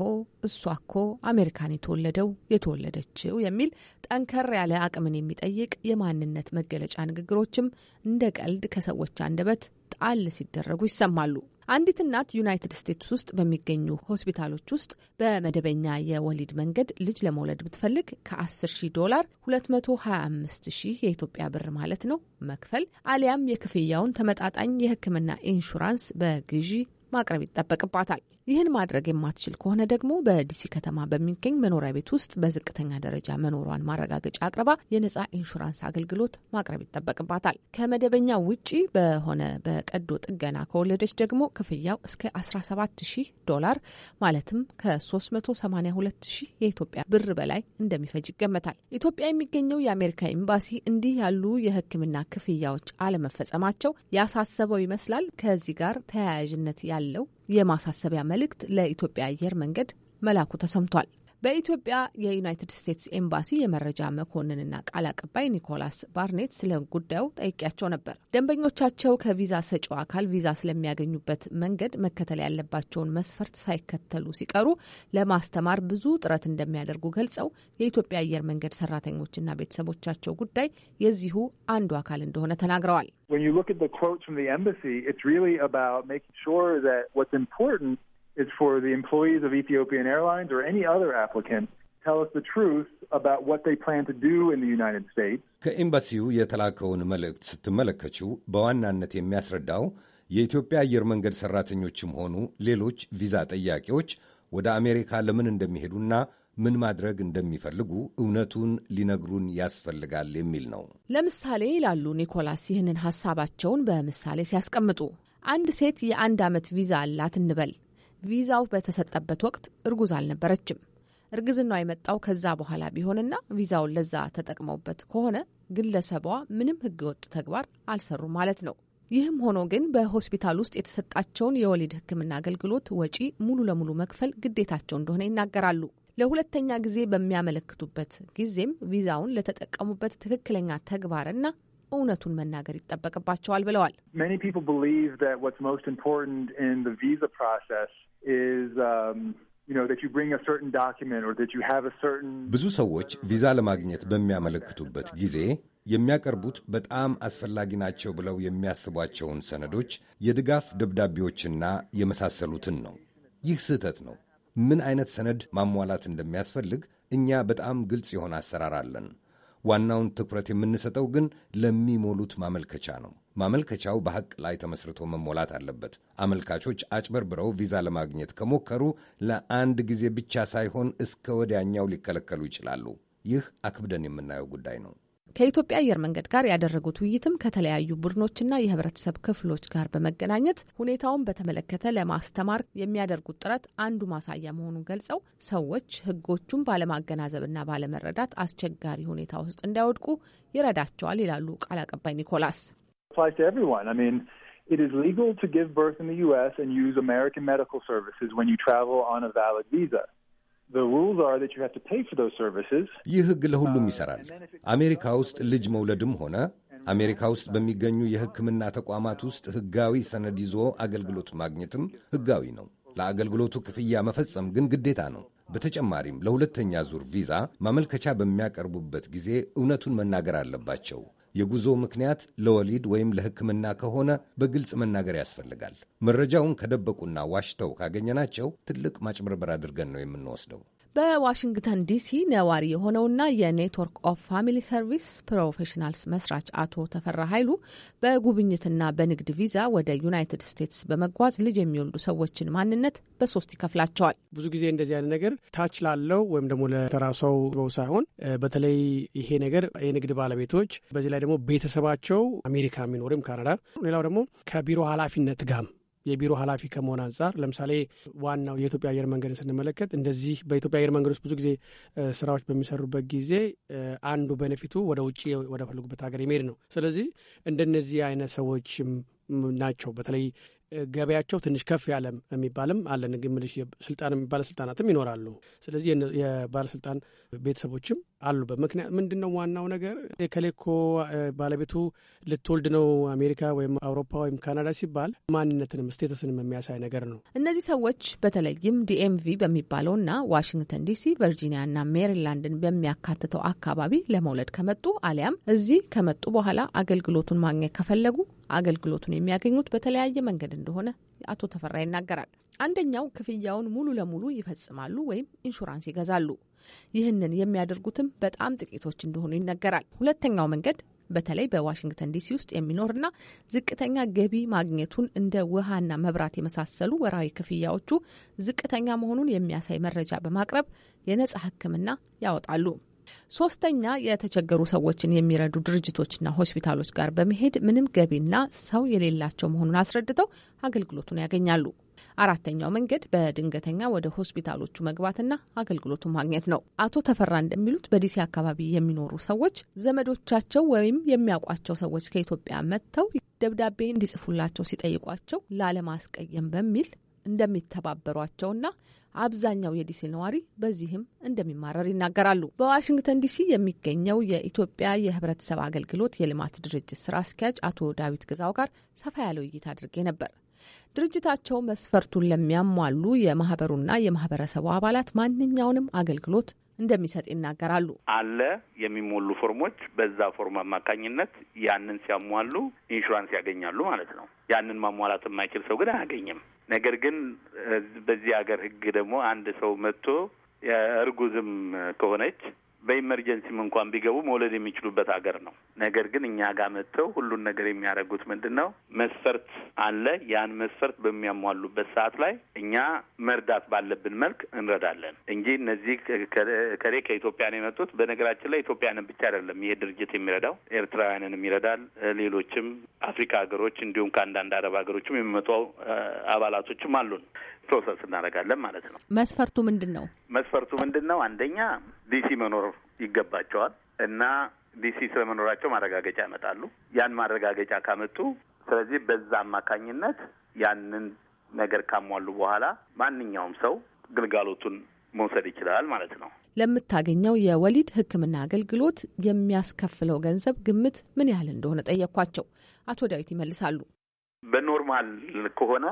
እሷ እኮ አሜሪካን የተወለደው የተወለደችው የሚል ጠንከር ያለ አቅምን የሚጠይቅ የማንነት መገለጫ ንግግሮችም እንደ ቀልድ ከሰዎች አንደበት ጣል ሲደረጉ ይሰማሉ። አንዲት እናት ዩናይትድ ስቴትስ ውስጥ በሚገኙ ሆስፒታሎች ውስጥ በመደበኛ የወሊድ መንገድ ልጅ ለመውለድ ብትፈልግ ከ10 ሺህ ዶላር 225 ሺህ የኢትዮጵያ ብር ማለት ነው መክፈል አሊያም የክፍያውን ተመጣጣኝ የሕክምና ኢንሹራንስ በግዢ ማቅረብ ይጠበቅባታል። ይህን ማድረግ የማትችል ከሆነ ደግሞ በዲሲ ከተማ በሚገኝ መኖሪያ ቤት ውስጥ በዝቅተኛ ደረጃ መኖሯን ማረጋገጫ አቅርባ የነጻ ኢንሹራንስ አገልግሎት ማቅረብ ይጠበቅባታል። ከመደበኛ ውጪ በሆነ በቀዶ ጥገና ከወለደች ደግሞ ክፍያው እስከ 170 ዶላር ማለትም ከ382 ሺህ የኢትዮጵያ ብር በላይ እንደሚፈጅ ይገመታል። ኢትዮጵያ የሚገኘው የአሜሪካ ኤምባሲ እንዲህ ያሉ የሕክምና ክፍያዎች አለመፈጸማቸው ያሳሰበው ይመስላል። ከዚህ ጋር ተያያዥነት ያለው የማሳሰቢያ መልእክት ለኢትዮጵያ አየር መንገድ መላኩ ተሰምቷል። በኢትዮጵያ የዩናይትድ ስቴትስ ኤምባሲ የመረጃ መኮንንና ቃል አቀባይ ኒኮላስ ባርኔት ስለ ጉዳዩ ጠይቄያቸው ነበር። ደንበኞቻቸው ከቪዛ ሰጪው አካል ቪዛ ስለሚያገኙበት መንገድ መከተል ያለባቸውን መስፈርት ሳይከተሉ ሲቀሩ ለማስተማር ብዙ ጥረት እንደሚያደርጉ ገልጸው የኢትዮጵያ አየር መንገድ ሰራተኞችና ቤተሰቦቻቸው ጉዳይ የዚሁ አንዱ አካል እንደሆነ ተናግረዋል። is for the employees of Ethiopian Airlines or any other applicant tell us the truth about what they plan to do in the United States. ከኤምባሲው የተላከውን መልእክት ስትመለከቹ በዋናነት የሚያስረዳው የኢትዮጵያ አየር መንገድ ሰራተኞችም ሆኑ ሌሎች ቪዛ ጠያቂዎች ወደ አሜሪካ ለምን እንደሚሄዱና ምን ማድረግ እንደሚፈልጉ እውነቱን ሊነግሩን ያስፈልጋል የሚል ነው። ለምሳሌ ይላሉ ኒኮላስ ይህንን ሀሳባቸውን በምሳሌ ሲያስቀምጡ አንድ ሴት የአንድ ዓመት ቪዛ አላት እንበል። ቪዛው በተሰጠበት ወቅት እርጉዝ አልነበረችም። እርግዝናው የመጣው ከዛ በኋላ ቢሆንና ቪዛውን ለዛ ተጠቅመውበት ከሆነ ግለሰቧ ምንም ህገወጥ ተግባር አልሰሩም ማለት ነው። ይህም ሆኖ ግን በሆስፒታል ውስጥ የተሰጣቸውን የወሊድ ሕክምና አገልግሎት ወጪ ሙሉ ለሙሉ መክፈል ግዴታቸው እንደሆነ ይናገራሉ። ለሁለተኛ ጊዜ በሚያመለክቱበት ጊዜም ቪዛውን ለተጠቀሙበት ትክክለኛ ተግባርና እውነቱን መናገር ይጠበቅባቸዋል ብለዋል። is um, ብዙ ሰዎች ቪዛ ለማግኘት በሚያመለክቱበት ጊዜ የሚያቀርቡት በጣም አስፈላጊ ናቸው ብለው የሚያስቧቸውን ሰነዶች፣ የድጋፍ ደብዳቤዎችና የመሳሰሉትን ነው። ይህ ስህተት ነው። ምን አይነት ሰነድ ማሟላት እንደሚያስፈልግ እኛ በጣም ግልጽ የሆነ አሰራር አለን። ዋናውን ትኩረት የምንሰጠው ግን ለሚሞሉት ማመልከቻ ነው። ማመልከቻው በሐቅ ላይ ተመስርቶ መሞላት አለበት። አመልካቾች አጭበርብረው ቪዛ ለማግኘት ከሞከሩ ለአንድ ጊዜ ብቻ ሳይሆን እስከ ወዲያኛው ሊከለከሉ ይችላሉ። ይህ አክብደን የምናየው ጉዳይ ነው። ከኢትዮጵያ አየር መንገድ ጋር ያደረጉት ውይይትም ከተለያዩ ቡድኖችና የህብረተሰብ ክፍሎች ጋር በመገናኘት ሁኔታውን በተመለከተ ለማስተማር የሚያደርጉት ጥረት አንዱ ማሳያ መሆኑን ገልጸው ሰዎች ህጎቹን ባለማገናዘብና ባለመረዳት አስቸጋሪ ሁኔታ ውስጥ እንዳይወድቁ ይረዳቸዋል ይላሉ ቃል አቀባይ ኒኮላስ። It is legal to give birth in the U.S. and use American medical services when you travel on a valid visa. ይህ ሕግ ለሁሉም uh, ይሠራል። አሜሪካ ውስጥ ልጅ መውለድም ሆነ አሜሪካ ውስጥ በሚገኙ የሕክምና ተቋማት ውስጥ ሕጋዊ ሰነድ ይዞ አገልግሎት ማግኘትም ሕጋዊ ነው። ለአገልግሎቱ ክፍያ መፈጸም ግን ግዴታ ነው። በተጨማሪም ለሁለተኛ ዙር ቪዛ ማመልከቻ በሚያቀርቡበት ጊዜ እውነቱን መናገር አለባቸው። የጉዞ ምክንያት ለወሊድ ወይም ለሕክምና ከሆነ በግልጽ መናገር ያስፈልጋል። መረጃውን ከደበቁና ዋሽተው ካገኘናቸው ትልቅ ማጭበርበር አድርገን ነው የምንወስደው። በዋሽንግተን ዲሲ ነዋሪ የሆነውና የኔትወርክ ኦፍ ፋሚሊ ሰርቪስ ፕሮፌሽናልስ መስራች አቶ ተፈራ ኃይሉ በጉብኝትና በንግድ ቪዛ ወደ ዩናይትድ ስቴትስ በመጓዝ ልጅ የሚወልዱ ሰዎችን ማንነት በሶስት ይከፍላቸዋል። ብዙ ጊዜ እንደዚህ አይነት ነገር ታች ላለው ወይም ደግሞ ለተራሷው በው ሳይሆን በተለይ ይሄ ነገር የንግድ ባለቤቶች በዚህ ላይ ደግሞ ቤተሰባቸው አሜሪካ የሚኖርም ካናዳ፣ ሌላው ደግሞ ከቢሮ ኃላፊነት ጋም የቢሮ ኃላፊ ከመሆን አንጻር ለምሳሌ ዋናው የኢትዮጵያ አየር መንገድን ስንመለከት እንደዚህ በኢትዮጵያ አየር መንገድ ውስጥ ብዙ ጊዜ ስራዎች በሚሰሩበት ጊዜ አንዱ በነፊቱ ወደ ውጭ ወደ ሀገር የሚሄድ ነው። ስለዚህ እንደነዚህ አይነት ሰዎችም ናቸው በተለይ ገበያቸው ትንሽ ከፍ ያለ የሚባልም አለ። ንግድ ምልሽ ስልጣን ባለስልጣናትም ይኖራሉ። ስለዚህ የባለስልጣን ቤተሰቦችም አሉበት። ምክንያት ምንድን ነው? ዋናው ነገር የከሌኮ ባለቤቱ ልትወልድ ነው አሜሪካ ወይም አውሮፓ ወይም ካናዳ ሲባል ማንነትንም ስቴተስንም የሚያሳይ ነገር ነው። እነዚህ ሰዎች በተለይም ዲኤምቪ በሚባለውና ዋሽንግተን ዲሲ፣ ቨርጂኒያና ሜሪላንድን በሚያካትተው አካባቢ ለመውለድ ከመጡ አሊያም እዚህ ከመጡ በኋላ አገልግሎቱን ማግኘት ከፈለጉ አገልግሎቱን የሚያገኙት በተለያየ መንገድ እንደሆነ አቶ ተፈራ ይናገራል። አንደኛው ክፍያውን ሙሉ ለሙሉ ይፈጽማሉ ወይም ኢንሹራንስ ይገዛሉ። ይህንን የሚያደርጉትም በጣም ጥቂቶች እንደሆኑ ይነገራል። ሁለተኛው መንገድ በተለይ በዋሽንግተን ዲሲ ውስጥ የሚኖርና ዝቅተኛ ገቢ ማግኘቱን እንደ ውሃና መብራት የመሳሰሉ ወራዊ ክፍያዎቹ ዝቅተኛ መሆኑን የሚያሳይ መረጃ በማቅረብ የነጻ ሕክምና ያወጣሉ። ሶስተኛ የተቸገሩ ሰዎችን የሚረዱ ድርጅቶችና ሆስፒታሎች ጋር በመሄድ ምንም ገቢና ሰው የሌላቸው መሆኑን አስረድተው አገልግሎቱን ያገኛሉ። አራተኛው መንገድ በድንገተኛ ወደ ሆስፒታሎቹ መግባትና አገልግሎቱን ማግኘት ነው። አቶ ተፈራ እንደሚሉት በዲሲ አካባቢ የሚኖሩ ሰዎች ዘመዶቻቸው ወይም የሚያውቋቸው ሰዎች ከኢትዮጵያ መጥተው ደብዳቤ እንዲጽፉላቸው ሲጠይቋቸው ላለማስቀየም በሚል እንደሚተባበሯቸውና አብዛኛው የዲሲ ነዋሪ በዚህም እንደሚማረር ይናገራሉ። በዋሽንግተን ዲሲ የሚገኘው የኢትዮጵያ የህብረተሰብ አገልግሎት የልማት ድርጅት ስራ አስኪያጅ አቶ ዳዊት ግዛው ጋር ሰፋ ያለው ውይይት አድርጌ ነበር። ድርጅታቸው መስፈርቱን ለሚያሟሉ የማህበሩና የማህበረሰቡ አባላት ማንኛውንም አገልግሎት እንደሚሰጥ ይናገራሉ። አለ የሚሞሉ ፎርሞች፣ በዛ ፎርም አማካኝነት ያንን ሲያሟሉ ኢንሹራንስ ያገኛሉ ማለት ነው። ያንን ማሟላት የማይችል ሰው ግን አያገኝም። ነገር ግን በዚህ ሀገር ህግ ደግሞ አንድ ሰው መጥቶ እርጉዝም ከሆነች በኢመርጀንሲም እንኳን ቢገቡ መውለድ የሚችሉበት ሀገር ነው። ነገር ግን እኛ ጋር መጥተው ሁሉን ነገር የሚያደርጉት ምንድን ነው? መስፈርት አለ። ያን መስፈርት በሚያሟሉበት ሰዓት ላይ እኛ መርዳት ባለብን መልክ እንረዳለን እንጂ እነዚህ ከሬ ከኢትዮጵያ ነው የመጡት። በነገራችን ላይ ኢትዮጵያንን ብቻ አይደለም ይሄ ድርጅት የሚረዳው ኤርትራውያንንም ይረዳል። ሌሎችም አፍሪካ ሀገሮች እንዲሁም ከአንዳንድ አረብ ሀገሮችም የሚመጡ አባላቶችም አሉን። ፕሮሰስ እናደርጋለን ማለት ነው። መስፈርቱ ምንድን ነው? መስፈርቱ ምንድን ነው? አንደኛ ዲሲ መኖር ይገባቸዋል እና ዲሲ ስለመኖራቸው ማረጋገጫ ያመጣሉ። ያን ማረጋገጫ ካመጡ፣ ስለዚህ በዛ አማካኝነት ያንን ነገር ካሟሉ በኋላ ማንኛውም ሰው ግልጋሎቱን መውሰድ ይችላል ማለት ነው። ለምታገኘው የወሊድ ሕክምና አገልግሎት የሚያስከፍለው ገንዘብ ግምት ምን ያህል እንደሆነ ጠየኳቸው። አቶ ዳዊት ይመልሳሉ። በኖርማል ከሆነ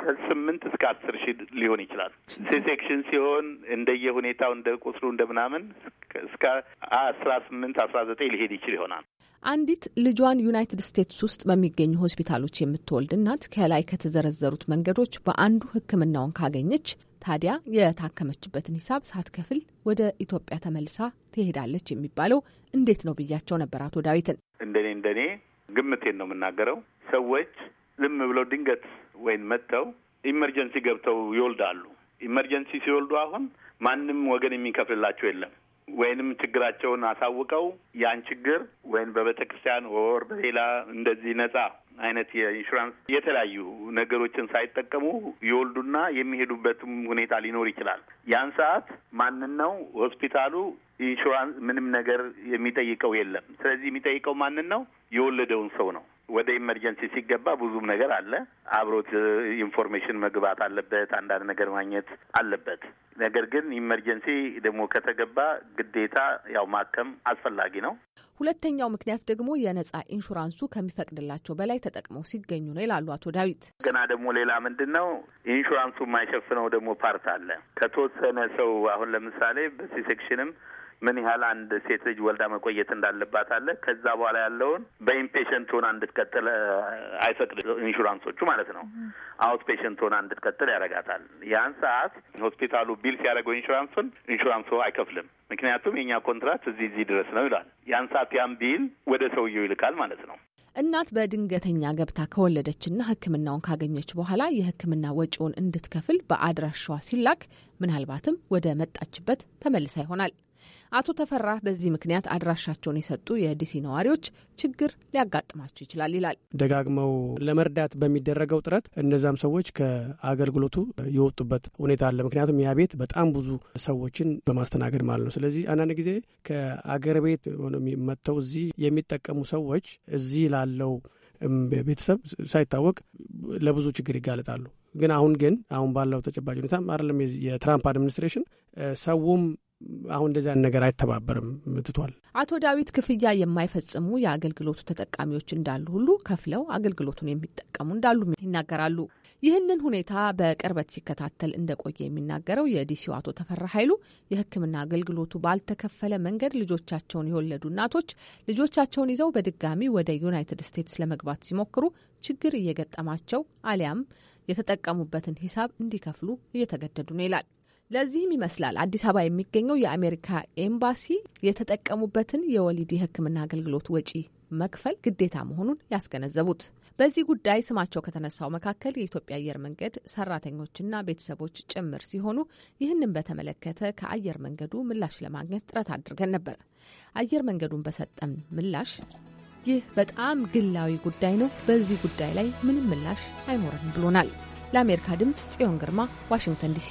ከስምንት እስከ አስር ሺህ ሊሆን ይችላል። ሴሴክሽን ሲሆን እንደየ ሁኔታው እንደ ቁስሉ እንደ ምናምን እስከ አስራ ስምንት አስራ ዘጠኝ ሊሄድ ይችል ይሆናል። አንዲት ልጇን ዩናይትድ ስቴትስ ውስጥ በሚገኙ ሆስፒታሎች የምትወልድ እናት ከላይ ከተዘረዘሩት መንገዶች በአንዱ ሕክምናውን ካገኘች ታዲያ የታከመችበትን ሂሳብ ሳትከፍል ወደ ኢትዮጵያ ተመልሳ ትሄዳለች የሚባለው እንዴት ነው ብያቸው ነበር አቶ ዳዊትን። እንደኔ እንደኔ ግምቴን ነው የምናገረው ሰዎች ዝም ብለው ድንገት ወይን መጥተው ኢመርጀንሲ ገብተው ይወልዳሉ። ኢመርጀንሲ ሲወልዱ አሁን ማንም ወገን የሚከፍልላቸው የለም። ወይንም ችግራቸውን አሳውቀው ያን ችግር ወይም በቤተ ክርስቲያን ወር በሌላ እንደዚህ ነጻ አይነት የኢንሹራንስ የተለያዩ ነገሮችን ሳይጠቀሙ ይወልዱና የሚሄዱበትም ሁኔታ ሊኖር ይችላል። ያን ሰዓት ማንን ነው ሆስፒታሉ ኢንሹራንስ ምንም ነገር የሚጠይቀው የለም። ስለዚህ የሚጠይቀው ማንን ነው? የወለደውን ሰው ነው። ወደ ኢመርጀንሲ ሲገባ ብዙም ነገር አለ። አብሮት ኢንፎርሜሽን መግባት አለበት፣ አንዳንድ ነገር ማግኘት አለበት። ነገር ግን ኢመርጀንሲ ደግሞ ከተገባ ግዴታ ያው ማከም አስፈላጊ ነው። ሁለተኛው ምክንያት ደግሞ የነጻ ኢንሹራንሱ ከሚፈቅድላቸው በላይ ተጠቅመው ሲገኙ ነው ይላሉ አቶ ዳዊት። ገና ደግሞ ሌላ ምንድን ነው ኢንሹራንሱ የማይሸፍነው ደግሞ ፓርት አለ። ከተወሰነ ሰው አሁን ለምሳሌ ሴክሽንም ምን ያህል አንድ ሴት ልጅ ወልዳ መቆየት እንዳለባት አለ። ከዛ በኋላ ያለውን በኢምፔሸንት ሆና እንድትቀጥል አይፈቅድ ኢንሹራንሶቹ ማለት ነው። አውት ፔሽንት ሆና እንድትቀጥል ያደርጋታል። ያን ሰዓት ሆስፒታሉ ቢል ሲያደርገው ኢንሹራንሱን ኢንሹራንሱ አይከፍልም። ምክንያቱም የእኛ ኮንትራት እዚህ እዚህ ድረስ ነው ይላል። ያን ሰዓት ያን ቢል ወደ ሰውየው ይልካል ማለት ነው። እናት በድንገተኛ ገብታ ከወለደችና ሕክምናውን ካገኘች በኋላ የሕክምና ወጪውን እንድትከፍል በአድራሻዋ ሲላክ ምናልባትም ወደ መጣችበት ተመልሳ ይሆናል። አቶ ተፈራ በዚህ ምክንያት አድራሻቸውን የሰጡ የዲሲ ነዋሪዎች ችግር ሊያጋጥማቸው ይችላል ይላል። ደጋግመው ለመርዳት በሚደረገው ጥረት እነዛም ሰዎች ከአገልግሎቱ የወጡበት ሁኔታ አለ። ምክንያቱም ያ ቤት በጣም ብዙ ሰዎችን በማስተናገድ ማለት ነው። ስለዚህ አንዳንድ ጊዜ ከአገር ቤት መጥተው እዚህ የሚጠቀሙ ሰዎች እዚህ ላለው ቤተሰብ ሳይታወቅ ለብዙ ችግር ይጋለጣሉ። ግን አሁን ግን አሁን ባለው ተጨባጭ ሁኔታ አይደለም የትራምፕ አድሚኒስትሬሽን ሰውም አሁን እንደዚያን ነገር አይተባበርም ትቷል። አቶ ዳዊት ክፍያ የማይፈጽሙ የአገልግሎቱ ተጠቃሚዎች እንዳሉ ሁሉ ከፍለው አገልግሎቱን የሚጠቀሙ እንዳሉ ይናገራሉ። ይህንን ሁኔታ በቅርበት ሲከታተል እንደቆየ የሚናገረው የዲሲው አቶ ተፈራ ኃይሉ የሕክምና አገልግሎቱ ባልተከፈለ መንገድ ልጆቻቸውን የወለዱ እናቶች ልጆቻቸውን ይዘው በድጋሚ ወደ ዩናይትድ ስቴትስ ለመግባት ሲሞክሩ ችግር እየገጠማቸው አሊያም የተጠቀሙበትን ሂሳብ እንዲከፍሉ እየተገደዱ ነው ይላል። ለዚህም ይመስላል አዲስ አበባ የሚገኘው የአሜሪካ ኤምባሲ የተጠቀሙበትን የወሊድ የሕክምና አገልግሎት ወጪ መክፈል ግዴታ መሆኑን ያስገነዘቡት። በዚህ ጉዳይ ስማቸው ከተነሳው መካከል የኢትዮጵያ አየር መንገድ ሰራተኞችና ቤተሰቦች ጭምር ሲሆኑ ይህንን በተመለከተ ከአየር መንገዱ ምላሽ ለማግኘት ጥረት አድርገን ነበር። አየር መንገዱን በሰጠን ምላሽ ይህ በጣም ግላዊ ጉዳይ ነው፣ በዚህ ጉዳይ ላይ ምንም ምላሽ አይኖረንም ብሎናል። ለአሜሪካ ድምፅ ጽዮን ግርማ ዋሽንግተን ዲሲ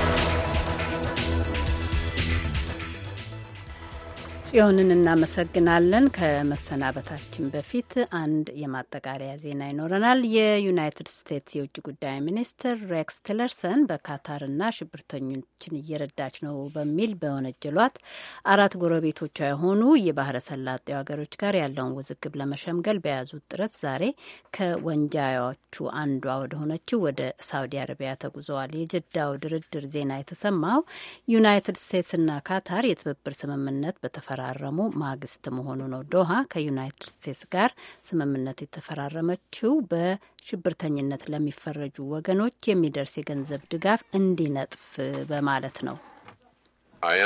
ጽዮንን እናመሰግናለን። ከመሰናበታችን በፊት አንድ የማጠቃለያ ዜና ይኖረናል። የዩናይትድ ስቴትስ የውጭ ጉዳይ ሚኒስትር ሬክስ ቲለርሰን በካታርና ሽብርተኞችን እየረዳች ነው በሚል በወነጀሏት አራት ጎረቤቶቿ የሆኑ የባህረ ሰላጤው ሀገሮች ጋር ያለውን ውዝግብ ለመሸምገል በያዙት ጥረት ዛሬ ከወንጃያዎቹ አንዷ ወደ ሆነችው ወደ ሳውዲ አረቢያ ተጉዘዋል። የጀዳው ድርድር ዜና የተሰማው ዩናይትድ ስቴትስና ካታር የትብብር ስምምነት በተፈራ ከተፈራረሙ ማግስት መሆኑ ነው። ዶሃ ከዩናይትድ ስቴትስ ጋር ስምምነት የተፈራረመችው በሽብርተኝነት ለሚፈረጁ ወገኖች የሚደርስ የገንዘብ ድጋፍ እንዲነጥፍ በማለት ነው። I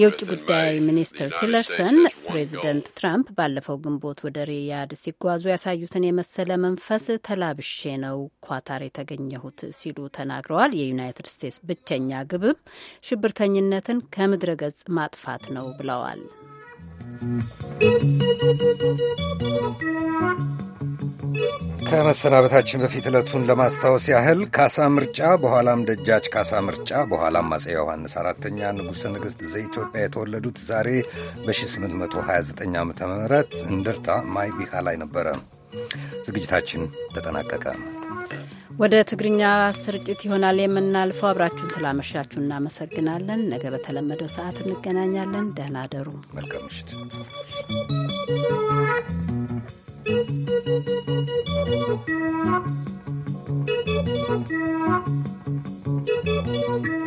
የውጭ ጉዳይ ሚኒስትር ቲለርሰን ፕሬዚደንት ትራምፕ ባለፈው ግንቦት ወደ ሪያድ ሲጓዙ ያሳዩትን የመሰለ መንፈስ ተላብሼ ነው ኳታር የተገኘሁት ሲሉ ተናግረዋል። የዩናይትድ ስቴትስ ብቸኛ ግብም ሽብርተኝነትን ከምድረ ገጽ ማጥፋት ነው ብለዋል። ከመሰናበታችን በፊት ዕለቱን ለማስታወስ ያህል ካሳ ምርጫ፣ በኋላም ደጃች ካሳ ምርጫ፣ በኋላም አጼ ዮሐንስ አራተኛ ንጉሠ ነገሥት ዘኢትዮጵያ የተወለዱት ዛሬ በ1829 ዓ ም እንድርታ ማይ ቢሃ ላይ ነበረ። ዝግጅታችን ተጠናቀቀ። ወደ ትግርኛ ስርጭት ይሆናል የምናልፈው። አብራችሁን ስላመሻችሁ እናመሰግናለን። ነገ በተለመደው ሰዓት እንገናኛለን። ደህና አደሩ። መልካም ምሽት። Thank you.